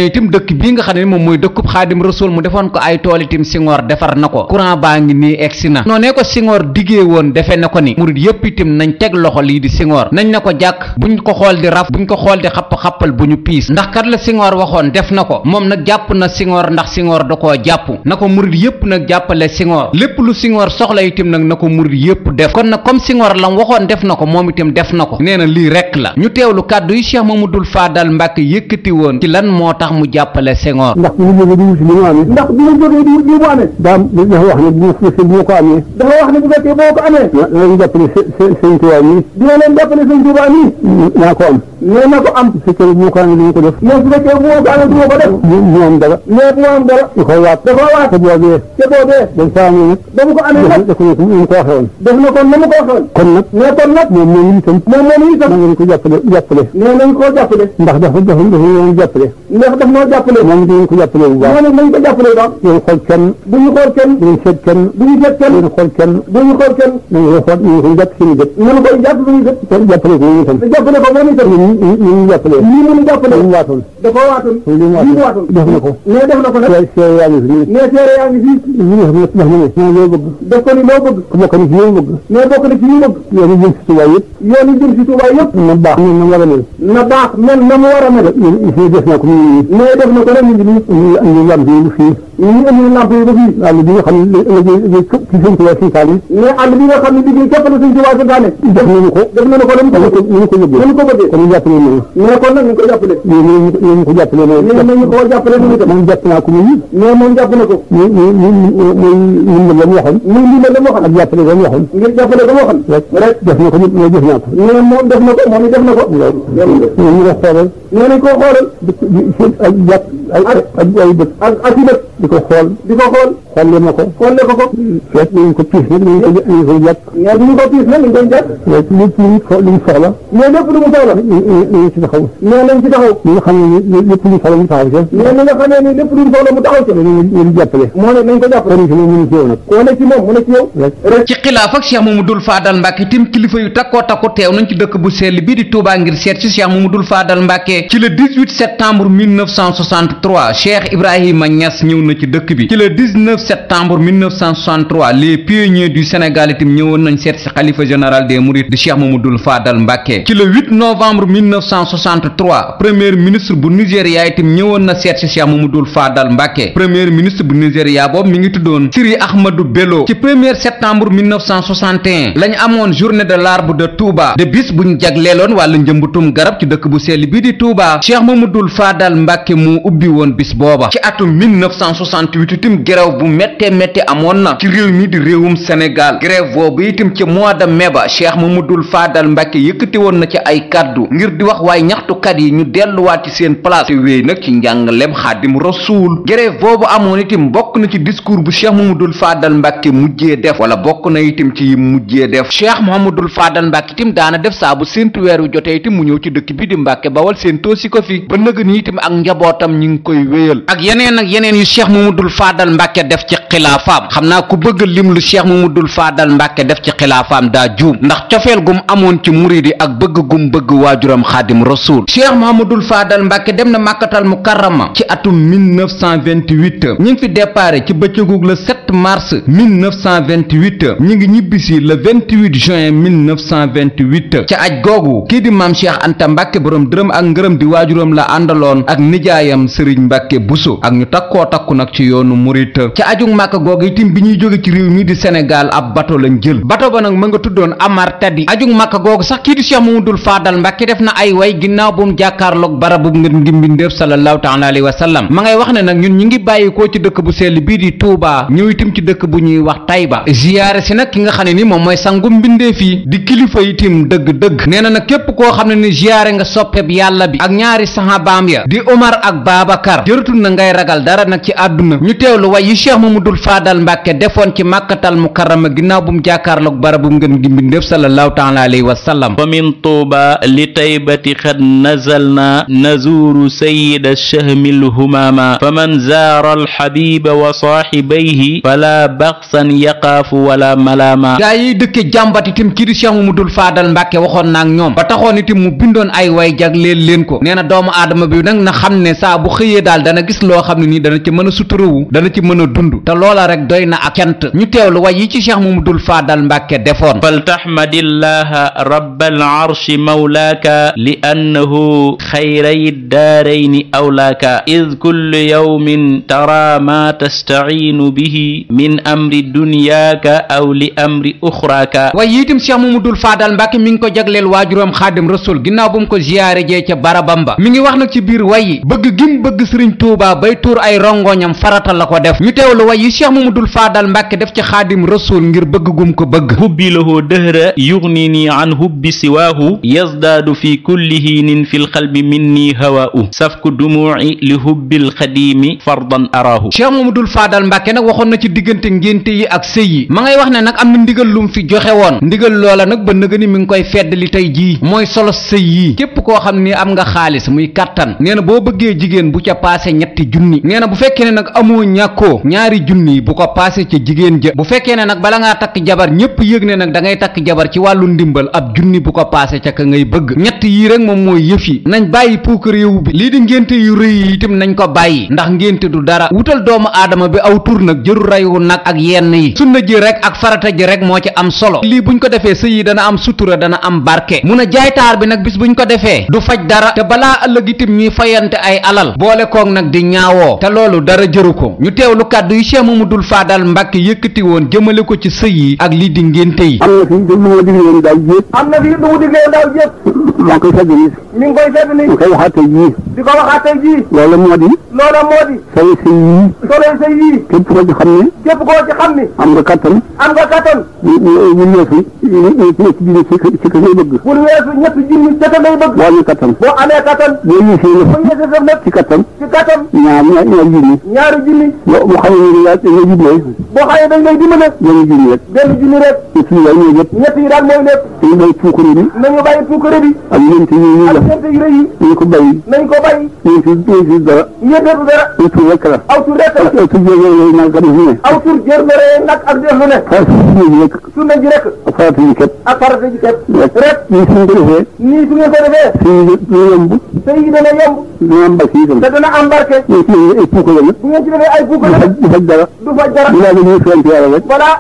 ko courant baa ngi nii egsi na noonee ko Senghor diggee woon defe na ko ni murit yépp itam nañ teg loxo lii di Senghor nañ na ko jàkk buñ ko xool di raf buñ ko xool di xapp-xappal bu ñu piis ndax kat la Senghor waxoon def na ko moom nag jàpp na Senghor ndax Senghor da koo jàpp na ko murit yépp nag jàppale Senghor lépp lu Senghor soxla itam nag na ko murit yépp def kon nag comme Senghor lam waxoon def na ko moom itam def na ko nee na lii rekk la ñu teewlu kàddu yi Cheikh Mamadou Fadal Mbacke yëkkati woon ci lan moo tax mu jàppale Senghor dafa wax ne bu ma bu ma ko amee. dafa wax ne bu fekkee boo ko amee. na leen jàppale seen seen tubaab yi. dina leen jàppale seen tubaab yi. naa ko am. nee na ko am. su fekkee bu ma ko amee du ma ko def. mais su fekkee bu ma ko amee du ma ko def. bu ma am dara. mais bu ma am dara. da koo waat da koo waat. te boobee. te boobee. dañ ko amee nag. ba mu ko amee nag def na ko ni mu ko waxee woon. def na ko ni mu ko waxee woon. kon nag. mais kon nag. moom moom itam. moom moom itam. na ngeen ko jàppale jàppale. nee nañ koo jàppale. ndax dafa dafa dafa leen jàppale. ndax daf noo jàppale. moom dinañ ko jàppale bu baax. moom it nañ ko jàppale bu baax. yow xool kenn. bu ñu xool kenn kenn duñu seet kenn duñu seet kenn duñu xool kenn duñu xool kenn nañu ko xool nañu ko jàpp suñu gët nañu koy jàpp suñu gët kon jàppale ko moom itam jàppale ko moom itam ñu ñu jàppale lii mu jàppale ñu waatoon da ko waatoon lii mu waatoon def na ko mais def na ko nag seere yaa ngi fi mais seere yaa ngi fi ñu wax na wax na ne ñu loo bëgg def ko ni loo bëgg bokk na ci ñu bëgg mais bokk na ci ñu bëgg yoonu jëm si Tuubaa yëpp yoonu jëm si Tuubaa yëpp na baax na mu war a mel na baax man na mu war a mel mais def na ko mais def na ko nag ñu ñu am ñu am ñu fii ñu indi lamp yi ba fii. àll bi nga xam ne liggéey ci Sëñ Tuubaa santaane. mais àll bi nga xam ne liggéey képp la Sëñ Tuubaa santaane. def nañu ko def nañu ko lan ko ñu ko bëggee ñu ko bëggee kon ñu jàppale ñu mais kon nag ñu ko jàppale ñu ñu ko jàppale ñu ñu ko jàppale ñu tam moom jàpp naa ko muy mais moom jàpp na ko ñu ñu ñu ñu waxoon ñu ñu leen waxoon ak jàppale ba mu waxoon ngir jàppale ba mu waxoon rek def na ko ñu def na ko mais moom def na ko moom def na ko ñu ko xoolal ñu ko xoolal ak jàpp ay ay bët ak i bët di ko xool di ko xool xolle ma ko xolle ko ko hmm, fekk nañ ko piis nag nañ ko nañ ko jàpp ñaar ñu ko piis nag nañ koy jàpp lépp lu ñu soxla mais lépp lu mu soxla nañ ci taxaw mais nañ ci taxaw ñi nga xam ne lépp lu mu soxla mu taxaw ca mais ñi nga xam ne lépp lu mu soxla mu taxaw ca ñu jàppale moo ne nañ ko jàppale kon ci moom mu ne ci yow nag koo ne ci moom mu ne ci yow rek ci xilaaf ak Cheikh Mamadou Fadal Mbacke tim kilifa yu takkoo takku teew nañ ci dëkk bu sell bii di Touba ngir seet ci Cheikh Mamadou Fadal Mbacke ci le 18 septembre 1960 1963 Cheikh Ibrahima Niass ñëw na ci dëkk bi ci le 19 septembre 1963 les pionniers du Sénégal itam ñëwoon nañ seet si xalifa général des Mourides di Cheikh Mamadou Fadal Mbacké ci le 8 novembre premier ministre bu Nigéria itam ñëwoon na seet si Cheikh Mamadou Fadal Mbacké premier ministre bu Nigéria boobu mi ngi tuddoon Siri Ahmadou Bello ci 1er septembre 1961 lañ amoon journée de l'arbre de Touba de bis buñ jagleeloon wàllu njëmbatum garab ci dëkk bu sell bi di woon bis booba ci atum 1968 itam grève bu méttee métti amoon na ci réew mi di réewum Sénégal grève boobu itam ca mois de mai ba Cheikh Mamadou Fadal Mbacke yëkkati woon na ci ay kaddu ngir di wax waaye ñaxtukat yi ñu delluwaat ci seen place te wéy nag ci njàng njàngalem Xaadim Rasuul grève boobu amoon itam bokk na ci discours bu mu Cheikh Mamadou Fadal Mbacke mujjee def wala bokk na itam ci yim mujjee def Cheikh Mamadou Fadal Mbacke itam daana def saa bu séentu weer wi mu ñëw ci dëkk bi di Mbacke Bawol koy wéyal ak yeneen ak yeneen yu Cheikh Mamadou Fadal Mbacke def ci xilaafaam xam naa ku bëgg lim lu cheikh mamadul faadal mbàkke def ci xilaafaam daa juum ndax cofeel gum amoon ci murid yi ak bëgg gum bëgg waajuram xaadim rasul cheikh mahamadul faadal mbàkke dem na màkkatal mukarrama ci atum 1928 ñi ngi fi déparé ci bëccëgug le 7 mars 1928 ñi ngi ñibbisi le 28 juin 1928 ci aj googu kii di maam cheikh anta mbàkke borom dërëm ak ngërëm di waajuram la àndaloon ak nijaayam sëriñ mbàkke buso ak ñu takkoo takku nag ci yoonu murid ci ajug màkka googu itim bi ñuy jóge ci réew mi di Sénégal ab bato lañ ba nag ma nga tuddoon Amar mu wa sallam ma ngay wax ne nag ñun ñi ngi bàyyi koo ci dëkk bu sell bii di Touba ñëw itam ci dëkk bu ñuy wax Tayba ziyaare si nag ki nga xam ne ni moom mooy sangu mbindéef yi di kilifa itim dëgg-dëgg nee na na képp koo xam ne ni ziyaare nga soppeb yàlla bi ak ñaari sahabaam ya di Omar ak Babacar jëratul na ngay ragal dara nag ci àdduna ñu teewlu way yi Cheikh Mamadul Abdul Faadal Mbàkke defoon ci màkkatal mukarama ginnaaw bu mu jàkkaarloog barabum ngën gi mbindéef sallallahu taala alayhi wa sallam fa min tuuba li taybati xad nazalna nazuuru sayida shahmil humama fa man zaara alxabiba wa saaxibayhi fala baxsan yaqaafu wala malaama gaa yiy dëkke jàmbat itam ci mu Cheikh Mamadul Faadal Mbàkke waxoon naag ñoom ba taxoon itam mu bindoon ay way jagleel leen ko nee doomu aadama bi nag na xam ne saa bu xëyee daal dana gis loo xam ne nii dana ci mën a suturowu dana ci mën a dund loola rek doy na ak cant ñu teewlu way yi ci cheikh mamadul faadal mbàkke defoon faltaxmadillaha rabbal arshi mawlaaka li annahu xayray daarayni awlaaka id kullu yawmin tara ma tastaciinu bihi min amri dunyaaka aw li amri uxraaka way yiitam cheikh mamadul faadal mbàkke mi ngi ko jagleel waajuram xaadim rasul ginnaaw bu mu ko ziyaare jee ca barabam ba mi ngi wax na ci biir way yi bëgg gim bëgg sëriñ tuubaa bay tuur ay rongoñam farata la ko def yi cheikh mamadul faadal mbàkke def ci xaadim rasul ngir bëgg gum ko bëgg hubbi lahoo dëhra yugnini an hubbi siwaahu yazdaadu fi kulli hiinin fi lxalbi minni hawaau safku dumuuci li hubbil xadiimi fardan araahu cheikh dul faadal mbàkke nag waxoon na ci diggante ngénte yi ak sëy yi ma ngay wax na nag am na ndigal lum fi joxe woon ndigal loola nag ba nëga ni mi ngi koy fedd li tey jii mooy solo sëy yi képp koo xam ni am nga xaalis muy kàttan nee na bëggee jigéen bu ca paase ñetti junni ne junni yi bu ko paase ca jigéen ja bu fekkee ne nag bala ngaa takk jabar ñépp yëg ne nag da ngay takk jabar ci wàllu ndimbal ab junni bu ko paase ca ka ngay bëgg ñett yii rek moom mooy yëf yi nañ bàyyi puukar réew bi lii di ngénte yu rëy yi itam nañ ko bàyyi ndax ngénte du dara wutal doomu aadama bi aw tur nag jëru rayu nag ak yenn yi sunna ji rek ak farata ji rek moo ci am solo lii bu buñ ko defee sëy yi dana am sutura dana am barke mun a jaaytaar bi nag bis bu buñ ko defee du faj dara te balaa ëllëg itam ñuy fayante ay alal boole koog nag di ñaawoo te loolu dara jëru Cheikh Mamadou Fadal Mbàkke yëkkati woon jëmale ko ci sëy yi ak lii di ngénte yi am na fi lu mu digle woon daaw jéeg am na fi lu mu digle woon daaw jéeg maa ngi koy fedd nii mi ngi koy fedd nii di koy waxaat tey jii di ko waxaat tey jii loola moo di loola moo di solo sëy yii solo sëy yii képp koo ci xam ne képp koo ci xam ne am nga kattan am nga kattan ñu weesu ñetti junni ci ci ka ngay bëgg bul weesu ñetti junni ca ka ngay bëgg boo amee kattan boo amee kattan boo yësee la boo yësee sa nag ci kattan ci kattan ñaar ñaar ñaari junni ñaari junni laaj nga jub mooy boo xawee dañ lay dimbale benn junni rek benn junni rek ñett yi daal mooy lépp ñett yi daal mooy lépp dañu bàyyi puukare bi nañu bàyyi puukare bi ak ñeent yi ak ñeent yu rëy yi nañ ko bàyyi nañ ko bàyyi ñeent yi dara ñeenteetu dara aw tur rek la aw tur rek la aw tur jër nag ak ne aw tur jër nag ak def lu ne sunna ji rek ak farata ji kat ak farata ji kat rek nii su ngeen ko defee nii su ngeen ko defee dana yomb sëy yi dana yomb dana am barke itam te dana am barke bu ngeen ci defee ay puukare bu ngeen ci defee ay puukare dara. du fa dara balaa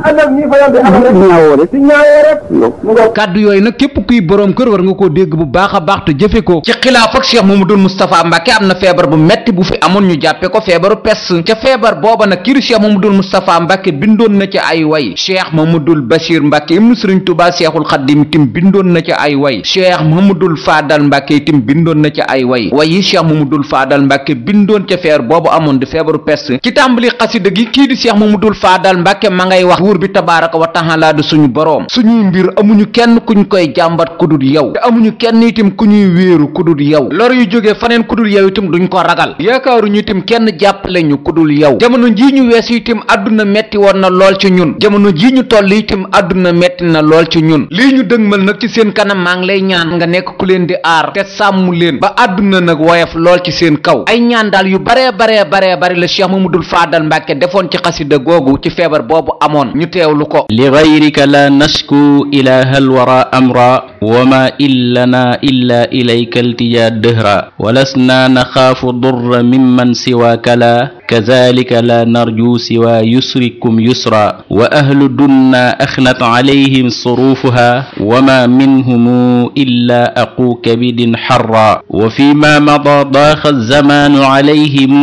nga kàddu yooyu nag képp kuy borom kër war nga koo dégg bu baax a baax te jëfe ko. ci xilaaf ak Cheikh Mamadou Moustapha Mbacke am na feebar bu metti bu fi amoon ñu jàppe ko feebaru pes ca feebar booba nag kii Cheikh Mamadou Moustapha Mbacke bindoon na ci ay way Cheikh Mamadou Bachir Mbacke ibnu Serigne Touba Cheikhul Khadim tim bindoon na ci ay way Cheikh Mamadou Fadal Mbacke tim bindoon na ci ay way wayi Cheikh Mamadou Fadal Mbacke bindoon ca feer boobu amoon di feebaru pes ci tàmbali xasida gi kii di mu dul faadal mbàkke ma ngay wax buur bi tabaaraka wa taala suñu boroom suñuy mbir amuñu kenn ku ñu koy jàmbat kudul yow te amuñu kenn itam ku ñuy wéeru kudul yow lor yu jógee faneen kudul yow itam duñu ko ragal ñu itam kenn jàppale ñu kudul yow jamono jii ñu weesu itam àdduna metti woon na lool ci ñun jamono jii ñu toll itam àdduna metti na lool ci ñun lii ñu dëgmal nag ci seen kanam maa ngi lay ñaan nga nekk ku leen di aar te sàmm leen ba àdduna nag woyof lool ci seen kaw ay ñaan yu bare bare bare bare la cheikh mamadul faadal mbàkke defoon nekkoon ci xasida googu ci feebar boobu amoon ñu teewlu ko li gayrika la nasku ilaha alwara amra wama illana illa ilayka iltija dëhra walasna naxaafu durra mimman siwaaka la kazalika la narju siwa yusrikum yusra wa ahlu dunna axnat alayhim surufuha wama minhumu illa aquu kabidin xarra wa fi ma mada daaxa alzamaanu alayhim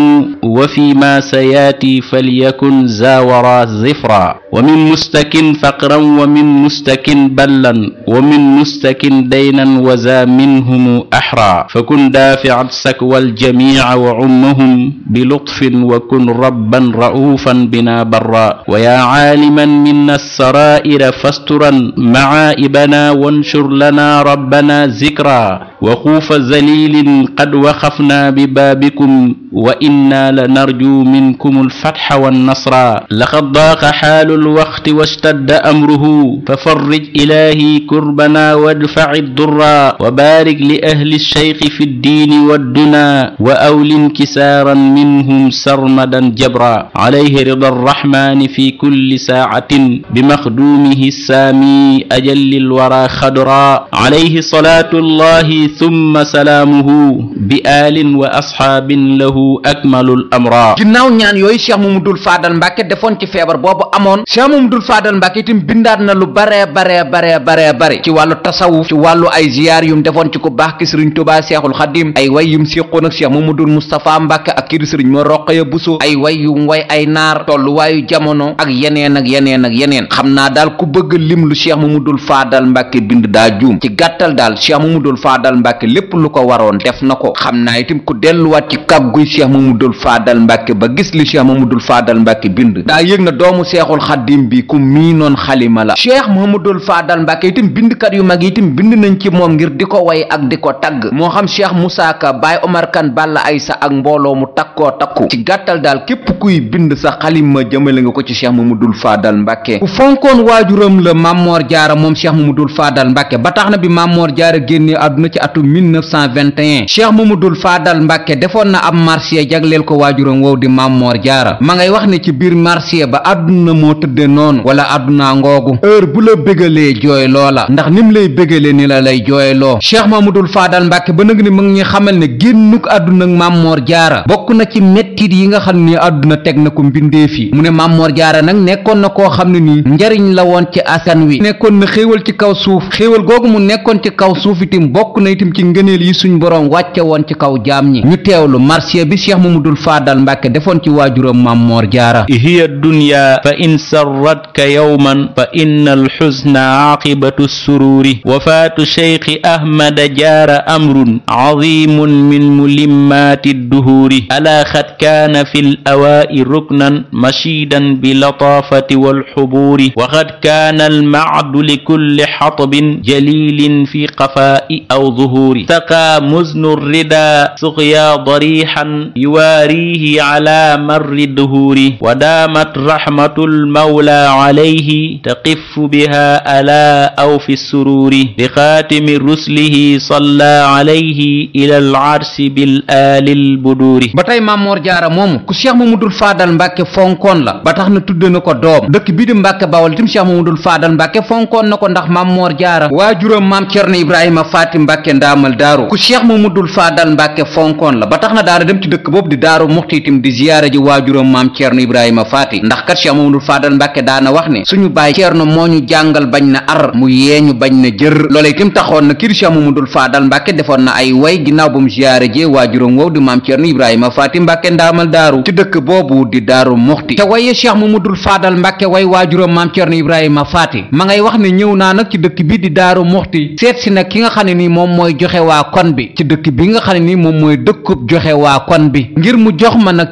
wa fi ma sayaati falya yakun zawara zifra wa min mustakin faqran wa min mustakin ballan wa min mustakin daynan wa za minhumu axra fa kun daafiat sakwa aljamica wa ummahum bilutfin wa kun rabban ra'ufan bina barra wa yaa caaliman minna asaraa'ira fasturan macaa'ibana wanshur lana rabbana zikra wa xuufa zalilin qad waxafna bi baabikum wa inna la narju minkum alfatxa والنصرا لقد ضاق حال الوقت واشتد أمره ففرج إلهي كربنا وادفع الضرا وبارك لأهل الشيخ في الدين والدنا وأول انكسارا منهم سرمدا جبرا عليه رضا الرحمن في كل ساعة بمخدومه السامي أجل الورى خدرا عليه صلاة الله ثم سلامه بآل وأصحاب له أكمل الأمرا ginnaaw ñaan yooyu Cheikh Mamadou Mamadul Faadal Mbàkke defoon ci feebar boobu amoon Cheikh Mamadul Faadal Mbàkke itam bindaat na lu baree baree baree baree bare ci wàllu tasawuf ci wàllu ay ziyaar yum defoon ci ku baax ki sëriñ Tuubaa Seexul Xadim ay way yum séqoon ak Cheikh Mamadul Moustapha Mbàkke ak kii di sëriñ Mor Roqaya Buso ay way yum way ay naar tolluwaayu jamono ak yeneen ak yeneen ak yeneen xam naa daal ku bëgg lim lu mu dul Faadal Mbàkke bind daa juum ci gàttal daal Cheikh Mamadul Faadal Mbàkke lépp lu ko waroon def na ko xam naa itam ci kàgguy Cheikh Mamadul Faadal Mbàkke ba gis faadal mbàkke bind daa yëg na doomu seexul xaddim bi ku miinoon xalima la cheikh mohamadul faadal mbàkke itam bindkat yu mag itam bind nañ ci moom ngir di ko way ak di ko tagg moo xam cheikh Moussa Ka Baye Omar Kane Balla Aïssa ak mbooloo mu takkoo takku ci gàttal daal képp kuy bind sa xalima jëmale nga ko ci mu mohamadul faadal mbàkke ku fonkoon waajuram la Mamor Jaara moom mu mohamadul faadal mbàkke ba tax na bi Mamor Jaara génnee àdduna ci atum 1921 cheikh mohamadul faadal mbàkke defoon na am marché jagleel ko waajuram woow di Mamor Jaara wax ne ci biir marché ba àdduna moo tëdde noonu wala àddunaa ngoogu heure bu la bégalee jooy loola ndax nim lay bégalee ni la lay jooyloo mu dul faadal mbàkke ba nag ni mu ngi ñu xamal ne génnuk àdduna ak màmmoor jaara bokk na ci mettit yi nga xam ni àdduna teg na ko mbindeef yi mu ne màmmoor jaara nag nekkoon na koo xam ne nii njariñ la woon ci askan wi nekkoon na xéewal ci kaw suuf xéewal googu mu nekkoon ci kaw suuf itam bokk na itam ci ngëneel yi suñ boroom wàcce woon ci kaw jaam jaara hiya dunya fa in sarratka yawman fa inna alxusna aaqibatu sururi wafaatu cheikhi ahmada jaara amrun cazimun min mulimmaati duhuri alaa xad kaana fi l awaa'i ruknan mashiidan bi lataafati walxubuuri wa xad kaana almacdu likulli xatbin jaliilin fi qafaa'i aw zuhuuri saqaa musnu rida suqyaa dariixan yuwaariihi calaa marri duhuuri الدهر ودامت رحمة المولى عليه تقف بها ألا أو في السرور بخاتم رسله صلى عليه إلى العرس بالآل البدور ba tey maam Mor Jaara moomu ku Cheikh Mamadul Faadal Mbàkke fonkoon la ba tax na tudde na ko doom dëkk bii di Mbàkke Bawol tim Cheikh Mamadul Faadal Mbàkke fonkoon na ko ndax maam Mor Jaara waajuram maam Cerno Ibrahima Faati Mbàkke ndaamal daaru ku Cheikh Mamadul Faadal Mbàkke fonkoon la ba tax na daana dem ci dëkk boobu di daaru muxtiitim di ziyaara ji waajuram maam Cerno Ceerno Ibrahima Faati ndax kat Cheikh Mamadou Fadal Mbàkke daana wax ne suñu baay Ceerno moo ñu jàngal bañ na ar mu yeeñu bañ na jër loolee itam taxoon na kii di Cheikh Mamadou Fadal Mbàkke defoon na ay way ginnaaw ba mu ziyaare jee waajuram woow di maam Ceerno Ibrahima Faati Mbàkke ndaamal daaru ci dëkk boobu di daaru muxti te waye Cheikh Mamadou Fadal Mbàkke way waajuram maam Ceerno Ibrahima Faati ma ngay wax ne ñëw naa nag ci dëkk bi di daaru muxti seet si nag ki nga xam ne ni moom mooy joxe waa kon bi ci bi nga xam ne ni moom mooy dëkkub joxe waa kon bi ngir mu jox ma nag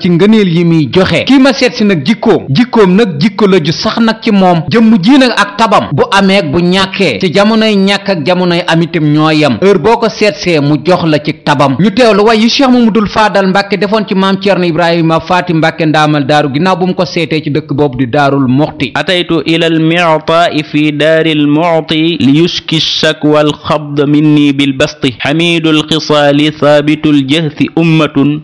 ma seet si nag jikkoom jikkoom nag jikko la ju sax nag ci moom jëmm ji nag ak tabam bu ameeg bu ñàkkee ci jamonoy ñàkk ak jamonoy am itam ñoo yem heure boo ko seetsee mu jox la ci tabam ñu teewlu way yi Cheikh Mamadul Faadal Mbàkke defoon ci maam Ceerno a Faati Mbàkke ndaamal daaru ginnaaw bu mu ko seetee ci dëkk boobu di daarul muxti ataytu ila a mi'ta'i fi daaril mu'ti li yushki shakwa al xabd minni bil basti xamidul xisaali thaabitul jahsi ummatun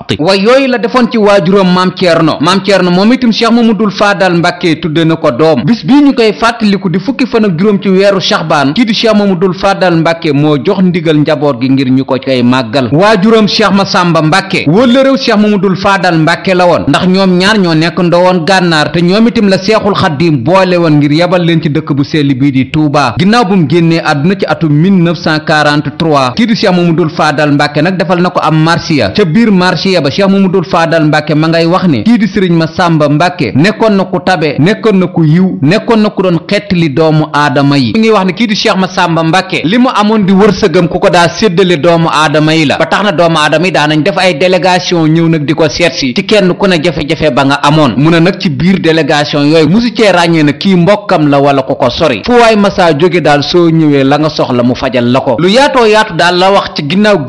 Fatick way yooyu la defoon ci waajuram maam no maam Thierno moom itam Cheikh Mamadou Fadal Mbacke tudde na ko doom bis bii ñu koy fàttaliku di fukki fan ak juróom ci weeru Chaxbaan kii di Cheikh Mamadou Fadal Mbacke moo jox ndigal njaboot gi ngir ñu ko koy màggal waajuram Cheikh Massamba Mbacke wólla réew Cheikh Mamadou Fadal Mbacke la woon ndax ñoom ñaar ñoo nekk ndawoon gànnaar te ñoom itam la Seexul Xaddiim boole woon ngir yebal leen ci dëkk bu sell bii di Touba ginnaaw bu mu génnee àdduna ci atum 1943 kii di mu dul faadal Mbacke nag defal na ko am marsiya ca biir marsiya tarxiya ba cheikh mamadul faadal mbàkke ma ngay wax ne kii di sëriñ ma sàmba mbàkke nekkoon na ku tabe nekkoon na ku yiw nekkoon na ku doon xettali doomu aadama yi mi wax ne kii di cheikh ma sàmba mbàkke li mu amoon di wërsëgam ku ko daa séddale doomu aadama yi la ba tax na doomu aadama yi daanañ def ay délégation ñëw nag di ko seetsi ci kenn ku ne jafe-jafe ba nga amoon mu ne nag ci biir délégation yooyu musu cee ràññee na kii mbokkam la wala ko ko sori fu waay masaa jóge daal soo ñëwee la nga soxla mu fajal la ko lu yaatoo yaatu daal la wax ci ginnaaw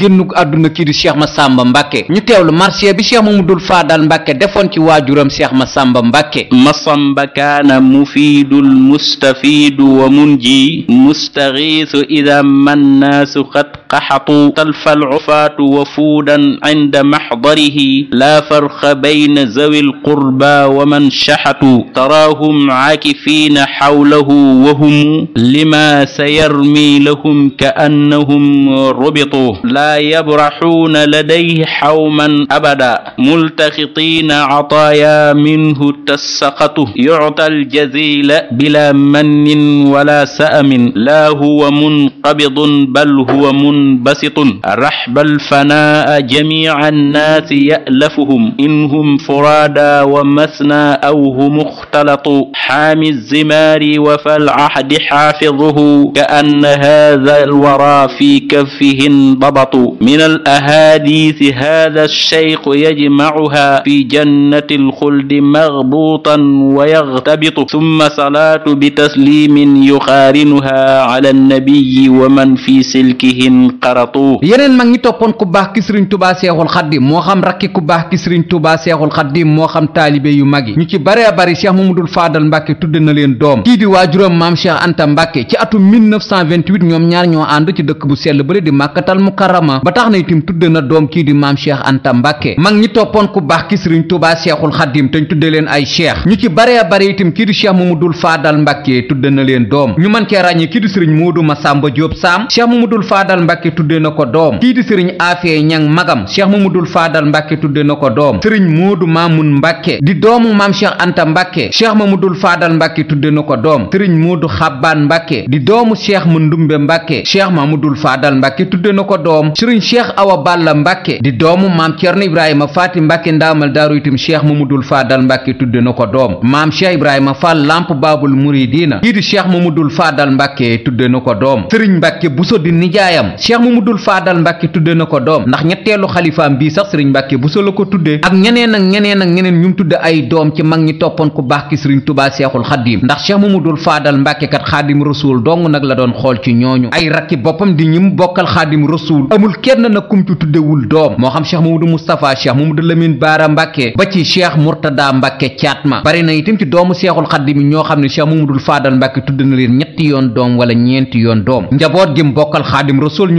wàllu marché bi cheikh mamadul faadal mbàkke defoon ci waajuram cheikh masamba mbàkke masamba kaana mufiidul mustafiidu wa munji mustaxiisu ida mannaasu xat qaxatu talfa alcufaatu wa fuudan cinda maxdarihi laa farqa bayna zawi alqurba wa man shaxatu taraahum caakifiina xawlahu wa hum lima sayarmi lahum kaannahum rubitu laa yabraxuuna ladayhi xawman abada multaxitiina cataaya minhu tasaqatu yucta aljazila bila mannin wala sa'amin laa huwa munqabidun bal huwa mun منبسط رحب الفناء جميع الناس يألفهم إنهم فرادى ومثنى أو هم اختلط حامي الزمار وفالعهد حافظه كأن هذا الورى في كفه انضبط من الأحاديث هذا الشيخ يجمعها في جنة الخلد مغبوطا ويغتبط ثم صلاة بتسليم يقارنها على النبي ومن في سلكه inqaratu yeneen mag ñi toppoon ku baax ki sëriñ tubaa seexul xaddim moo xam rakki ku baax ki sëriñ tubaa seexul xaddim moo xam taalibe yu mag yi ñu ci bare bari cheikh mamadul faadal mbàkke tudde na leen doom kii di waajuram maam cheikh anta mbàkke ci atum 1928 ñoom ñaar ñoo ànd ci dëkk bu sell bële di màkkatal mukarrama ba tax na itam tudde na doom kii di maam cheikh anta mbàkke mag ñi toppoon ku baax ki sëriñ tubaa seexul xaddim te ñu tudde leen ay cheikh ñu ci bare bare itam kii di cheikh mamadul faadal mbàkke tudde na leen doom ñu mën cee ràññee kii di sëriñ moodu masamba jóob saam cheikh mamadul faadal mbàkke Mbàkke tudde na ko doom kii di sëriñ Afee Ñang magam cheikh Mamadul Faadal Mbàkke tudde na ko doom sëriñ Moodu Maamun Mbàkke di doomu maam cheikh Anta Mbàkke cheikh Mamadul Faadal Mbàkke tudde na ko doom sëriñ Moodu Xabbaan Mbàkke di doomu cheikh Mandumbe Mbàkke cheikh Mamadul Faadal Mbàkke tudde na ko doom sëriñ cheikh Awa Balla Mbàkke di doomu maam Cerno Ibrahima Faati Mbàkke ndaamal daaru itam mu Mamadul Faadal Mbàkke tudde na ko doom maam cheikh Ibrahima Fall Lamp Baabul Muridiina kii di mu dul Faadal Mbàkke tudde na ko doom sëriñ Mbàkke Buso di nijaayam cheikh mamadul faadal mbàkke tudde na ko doom ndax ñetteelu xalifaam bii sax sëriñ mbàkke buso la ko tuddee ak ñeneen ak ñeneen ak ñeneen ñu mu tudde ay doom ci mag ñi toppoon ku baax ki sëriñ tubaa seexul xaddiim ndax mu dul faadal mbàkke kat xaadim rasuul dong nag la doon xool ci ñooñu ay rakki boppam di ñi mu bokkal xaadim rasuul amul kenn na kum ci tuddewul doom moo xam cheikh mamadou moustapha cheikh mamadou lamin baara mbàkke ba ci cheikh murtada mbàkke caatma bari na itam ci doomu seexul xaddiim ñoo xam ne cheikh mamadul faadal mbàkke tudde na leen ñetti yoon doom wala ñeenti yoon doom njaboot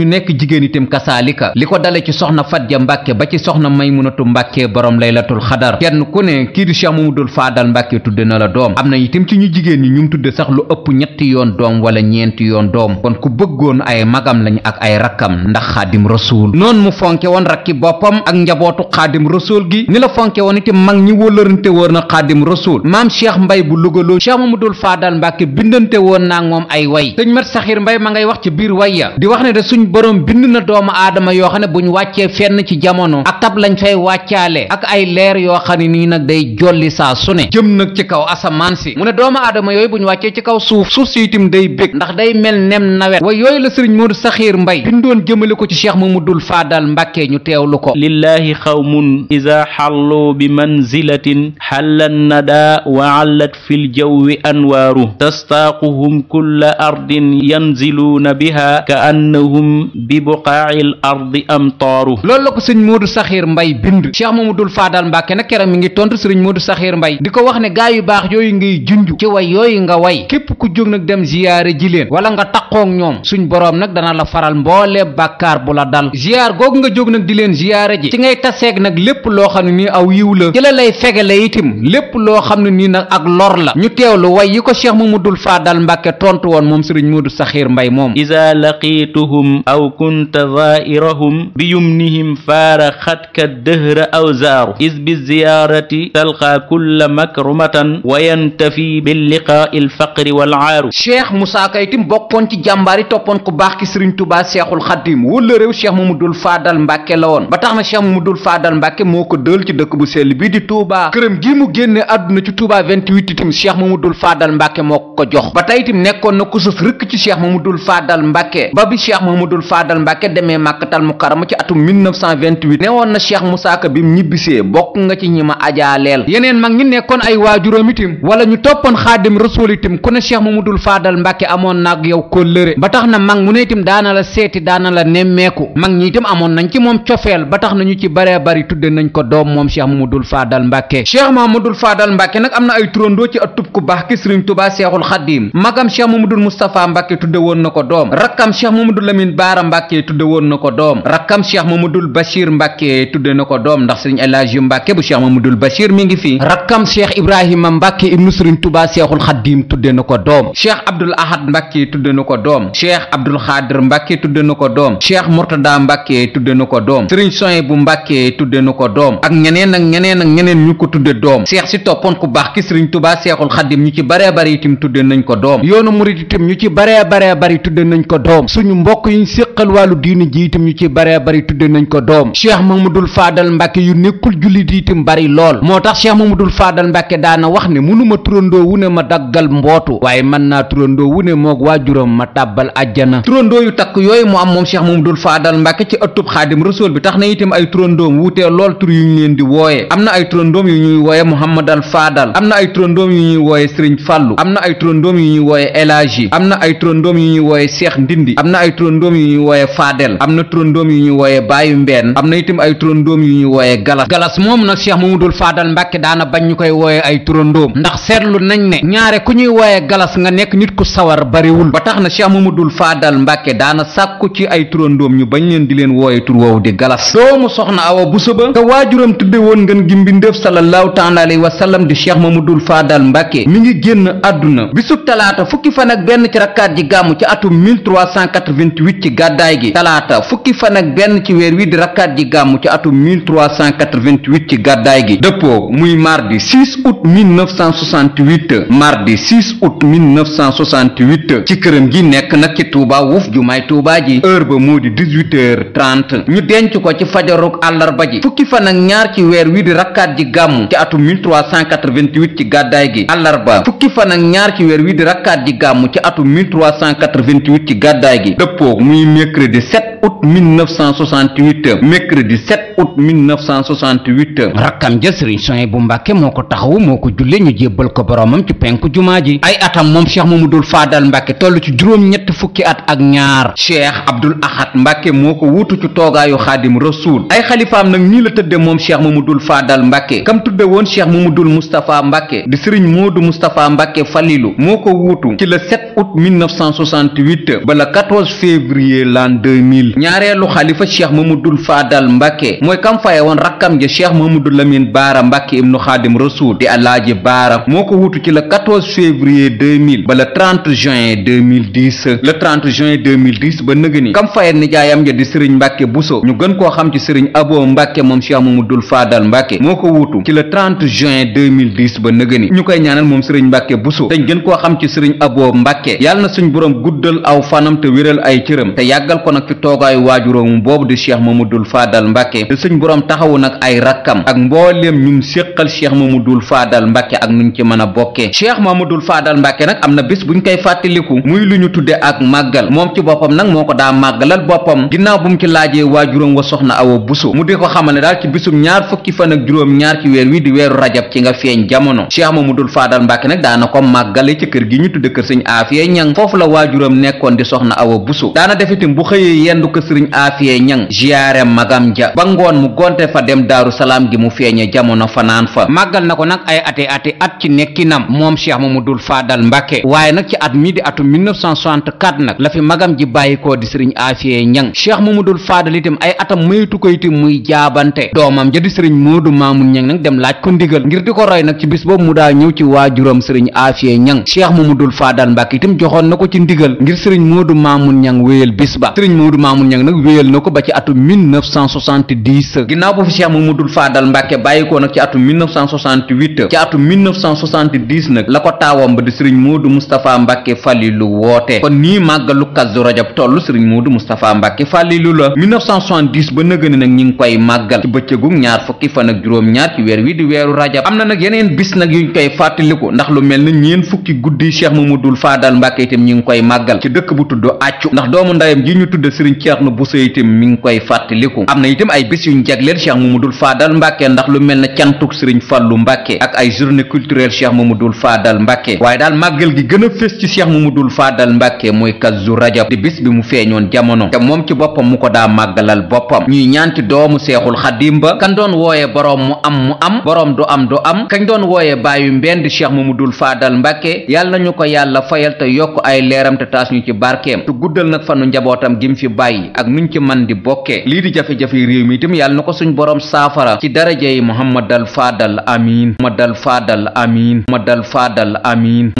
ñu nekk jigéen itam kasaalika li ko dale ci soxna Fatja Mbàkke ba ci soxna Maymunatu Mbàkke borom laylatul xadar kenn ku ne kii di Cheikh Mamadul Faadal Mbàkke tudde na la doom am na itam ci ñu jigéen ñi ñu tudde sax lu ëpp ñetti yoon doom wala ñeenti yoon doom kon ku bëggoon ay magam lañ ak ay rakkam ndax xaadim rasuul noonu mu fonke woon rakki boppam ak njabootu xaadim rasuul gi ni la fonke woon itam mag ñi wëlërante wër na xaadim rasuul maam Cheikh Mbay bu lugaloo mu Mamadul Faadal Mbàkke bindante woon naa moom ay way sëñ mat saxir mbay ma ngay wax ci biir way ya di wax ne de suñ suñ borom bind na doomu aadama yoo xam ne buñ wàccee fenn ci jamono ak tab lañ fay wàccaale ak ay leer yoo xam ne nii nag day jolli saa su ne jëm nag ci kaw asamaan si mu ne doomu aadama yooyu buñ wàccee ci kaw suuf su si itam day bég ndax day mel nem nawet wa yooyu la sëriñ Moodu Saxiir Mbay bindoon jëmale ko ci mu cheikh Mamadul Faadal Mbàkke ñu teew lu ko lillahi xawmun ida xallu bi manzilatin xallan nada wa allat fil jawwi anwaaru tastaaquhum kulla ardin yanziluuna biha ka annahum hum bi buqaa'il ardi am taaru loolu la ko sëñ Modou Saxiir Mbay bind Cheikh Mamadul Faadal Mbàkke na keroog mi ngi tontu sëriñ Modou Saxiir Mbay di ko wax ne gaa yu baax yooyu ngay junj ci way yooyu nga way képp ku jóg nag dem ziyaare ji leen wala nga taqoog ñoom suñ boroom nag dana la faral mboolee bàkkaar bu la dal ziyaar googu nga jóg nag di leen ziyaare ji ci ngay taseeg nag lépp loo xam ni nii aw yiw la ci la lay fegale itim lépp loo xam ni nii ak lor la ñu teewlu way yi ko Cheikh Mamadul Faadal Mbàkke woon moom sëriñ Modou Saxiir Mbay moom aw kunta zaa'irahum bi yumnihim faaraxatka dëhra aw zaaru is bi ziyaarati talqaa kulla makrumatan wa yantafi bi liqaa'i alfaqri wal aaru cheikh Moussa Ka itam bokkoon ci jàmbaar yi toppoon ku baax ki sëriñ tubaa seexul xaddim wala réew cheikh mamadul faadal mbàkke la woon ba tax na cheikh mamadul faadal mbàkke moo ko dël ci dëkk bu sell bii di tuubaa këram gi mu génne àdduna ci tuubaa 28 itam cheikh mamadul faadal mbàkke moo ko jox ba tey itam nekkoon na ku sës ci cheikh mamadul faadal mbàkke ba bi Mouhamadul Fadal Mbàkke demee màkkatal mukarama ci atum 1928 newoon na Cheikh Moussa Ka bim ñibbisee bokk nga ci ñi ma ajaaleel yeneen mag ñi nekkoon ay waajuram itam wala ñu toppoon xaadim rasul itam ku ne Cheikh Mouhamadul Fadal Mbàkke amoon naag yow kóllëre ba tax na mag mu ne itam daana la seeti daana la nemmeeku mag ñi itam amoon nañ ci moom cofeel ba tax na ñu ci baree bari tudde nañ ko doom moom Cheikh Mouhamadul Fadal Mbàkke Cheikh Mouhamadul Fadal Mbàkke nag am na ay turandoo ci atub ku baax ki Sëriñ Tuubaa Seexul Xadiim magam Cheikh Mouhamadul Moustapha Mbàkke tudde woon baara mbàkke tudde woon na ko doom rakkam cheikh mamadul bachir mbàkke tudde na ko doom ndax sëriñ elaaji yu mbàkke bu cheikh mamadul bachir mi ngi fi rakkam cheikh ibrahima mbàkke ibnu sëriñ tuba seexul xaddiim tudde ko doom cheikh abdul ahad mbàkke tudde na ko doom cheikh abdul xaadir mbàkke tudde na ko doom cheikh murtada mbàkke tudde na ko doom sëriñ soye bu mbàkke tudde na ko doom ak ñeneen ak ñeneen ak ñeneen ñu ko tudde doom cheikh si toppan ku baax ki sëriñ tubaa seexul xaddiim ñu ci bare bare itam tudde nañ ko doom yoonu murit ñu ci bare bare bari tudde nañ ko doom séqal wàllu diini ji itam ñu ci baree bari tudde nañ ko doom cheikh dul faadal mbàkke yu nekkul jullit itam bari lool moo tax cheikh mamadul faadal mbàkke daana wax ne mënuma turandoo wu ne ma daggal mbootu waaye man naa turandoo wu ne moog waa waajuram ma tàbbal ajjana turandoo yu takk yooyu mu am moom cheikh dul faadal mbàkke ci ëttub xaadim rasul bi tax na itam ay turandoom wuutee lool tur yu ñu leen di wooye am na ay turandoom yu ñuy wooye muhammadal faadal am na ay turandoom yu ñuy wooye sëriñ fàllu am na ay turandoom yu ñuy wooye elaaji am na ay turandoom yu ñuy wooye seex ndindi am na ay turandoom yu ñuy wooye faadel am na turandoom yu ñuy wooye baayu mbeen am na itam ay turandoom yu ñuy wooye galas galas moom nag cheikh mamadul faadal mbàkke daana bañ ñu ne ñaare ku ñuy wooye galas nga nekk nit ku sawar bariwul ba tax na cheikh mamadul faadal mbàkke daana sàkku ci ay turandoom ñu bañ leen di leen wooye tur woowu di galas doomu soxna awa buso ba ka waajuram tudde woon ngeen gi mbindéef sallallahu taala alayhi wa sallam di cheikh mamadul faadal mbàkke mi ngi génn àdduna bisub talaata fukki fan ak benn ci rakkaat ji gàmmu ci atum 1388 ci gàddaay gi talaata fukki fan ak benn ci weer wi di rakkaat ji gàmmu ci atum 1388 ci gàddaay gi dëppoo muy mardi 6 août 1968 mardi 6 août 1968 ci këram gi nekk nag ci Touba wuf jumaay Touba ji heure ba moo di 18 h ñu denc ko ci fajarug àllarba ji fukki fan ak ñaar ci weer wi di rakkaat ji gàmmu ci atum 1388 ci gàddaay gi àllarba fukki fan ak ñaar ci weer wi di rakkaat ji gàmm ci atum 1388 ci gàddaay gi dëppoo muy mercredi 7 août 1968 mercredi 7 août 1968 rakkam ja sëriñ Souhaïbou Mbàkke moo ko taxawu moo ko julle ñu jébbal ko boroomam ci penku jumaa ji ay atam moom cheikh mamadul faadal mbàkke toll ci juróom-ñett fukki at ak ñaar cheikh abdul ahad mbàkke moo ko wuutu ci toogaayu xaadim rasuul ay xalifaam nag ñii la tëdde moom cheikh mamadul faadal mbàkke kam tudde woon cheikh mamadul moustapha mbàkke di sëriñ moodu moustapha mbàkke falilu moo ko wuutu ci le 7 août 1968 ba le 14 février février l'an 2000 ñaareelu xalifa cheikh mamadul faadal mbàkke mooy kam faye woon rakkam ja cheikh mamadul lamin baara mbàkke ibnu xaadim rasuul di alaaji baara moo ko wutu ci le ba le 30 juin 2010 le 30 juin ba nëgëni kam faye nijaayam ja di sëriñ mbàkke buso ñu gën koo xam ci sëriñ abo mbàkke moom cheikh mamadul faadal mbàkke moo ko wutu ci le 30 juin 2010 ba nëgëni ñu koy ñaanal moom sëriñ mbàkke buso dañ gën koo xam ci sëriñ abo mbàkke yàlla na suñ borom guddal aw fanam te te yàggal ko nag fi toogaayu waajuróomu boobu di cheikh dul faadal mbàkke suñ boroom taxawu nag ay rakkam ak mbooleem ñum séqal cheikh mamadul faadal mbàkke ak nuñ ci mën a bokkee cheikh mamadul faadal mbàkke nag am na bés bu ñu koy fàttaliku muy lu ñu tudde ak màggal moom ci boppam nag moo ko daa màggalal boppam ginnaaw bu mu ci laajee waajuróom wa soxna awa buso mu di ko xamal ne daal ci bisum ñaar fukki fan ak juróom ñaar ci weer wi di weeru rajab ci nga feeñ jamono cheikh mamadul faadal mbàkke nag daana ko màggale ci kër gi ñu tudde kër sëñ aafiye ñang foofu la waajuróom nekkoon di soxna awa buso def bu xëyee yendu ko sëriñ aafiye ñang ziyaare magam ja ba ngoon mu gonte fa dem daaru salaam gi mu feeñe jamono fanaan fa màggal na ko nag ay ate ate at ci nekkinam moom cheikh mamadul faadal mbàkke waaye nag ci at mii di atum 1964 nag la fi magam ji ko di sëriñ aafiye ñang cheikh mamadul faadal itam ay atam maytu ko itam muy jaabante doomam ja di sëriñ moodu maamun ñang nag dem laaj ko ndigal ngir di ko roy nag ci bis boobu mu daa ñëw ci waajuram sëriñ aafiye ñang cheikh mamadul faadal mbàkke itam joxoon na ko ci ndigal ngir sëriñ moodu maamun ñang bis ba sëriñ Mamadou Mamoun Niang nag wéyal na ko ba ci atum 1970 ginnaaw bu fi Cheikh Mamadou Fadal Mbàkke bàyyi ko nag ci atum 1968 ci atum 1970 nag la ko taawam ba di sëriñ Modou Moustapha Mbàkke Falilu woote kon nii màggalu Kazu Rajab toll sëriñ Modou Moustapha Mbàkke Falilu la ba nëgëne nag ñi ngi koy màggal ci bëccëgu ñaar fukki fan ak juróom-ñaar ci weer wi di weeru rajab am na nag yeneen bis nag yuñ koy fàttaliku ndax lu mel na ñeen fukki guddi Cheikh Mamadou Fadal Mbàkke itam ñi ngi koy màggal ci dëkk bu tudd àccu ndax ndayam ji ñu tudde sëriñ Ceerno Buso itam mi ngi koy fàttaliku am na itam ay bés yu ñu jagleel Cheikh Mamadul Faadal Mbàkke ndax lu mel ne cantuk sëriñ Fàllu Mbàkke ak ay journée culturelle Cheikh Mamadul Faadal Mbàkke waaye daal màggal gi gën a fés ci Cheikh Mamadul Faadal Mbàkke mooy Kazu Rajab di bis bi mu feeñoon jamono te moom ci boppam mu ko daa màggalal boppam ñuy ñaanti doomu Seexul Xadim ba kan doon wooye boroom mu am mu am boroom du am du am kañ doon wooye bàyyu mbend Cheikh Mamadul Faadal Mbàkke yàlla ñu ko yàlla fayal te yokk ay leeram ci barkeem njabootam gim fi bàyyi ak nuñ ci man di bokkee lii di jafe-jafe réew mi itam yàlla na ko suñ boroom saafara ci daraja yi muhammadal faadal amiin muhammadal faadal amiin muhammadal faadal amiin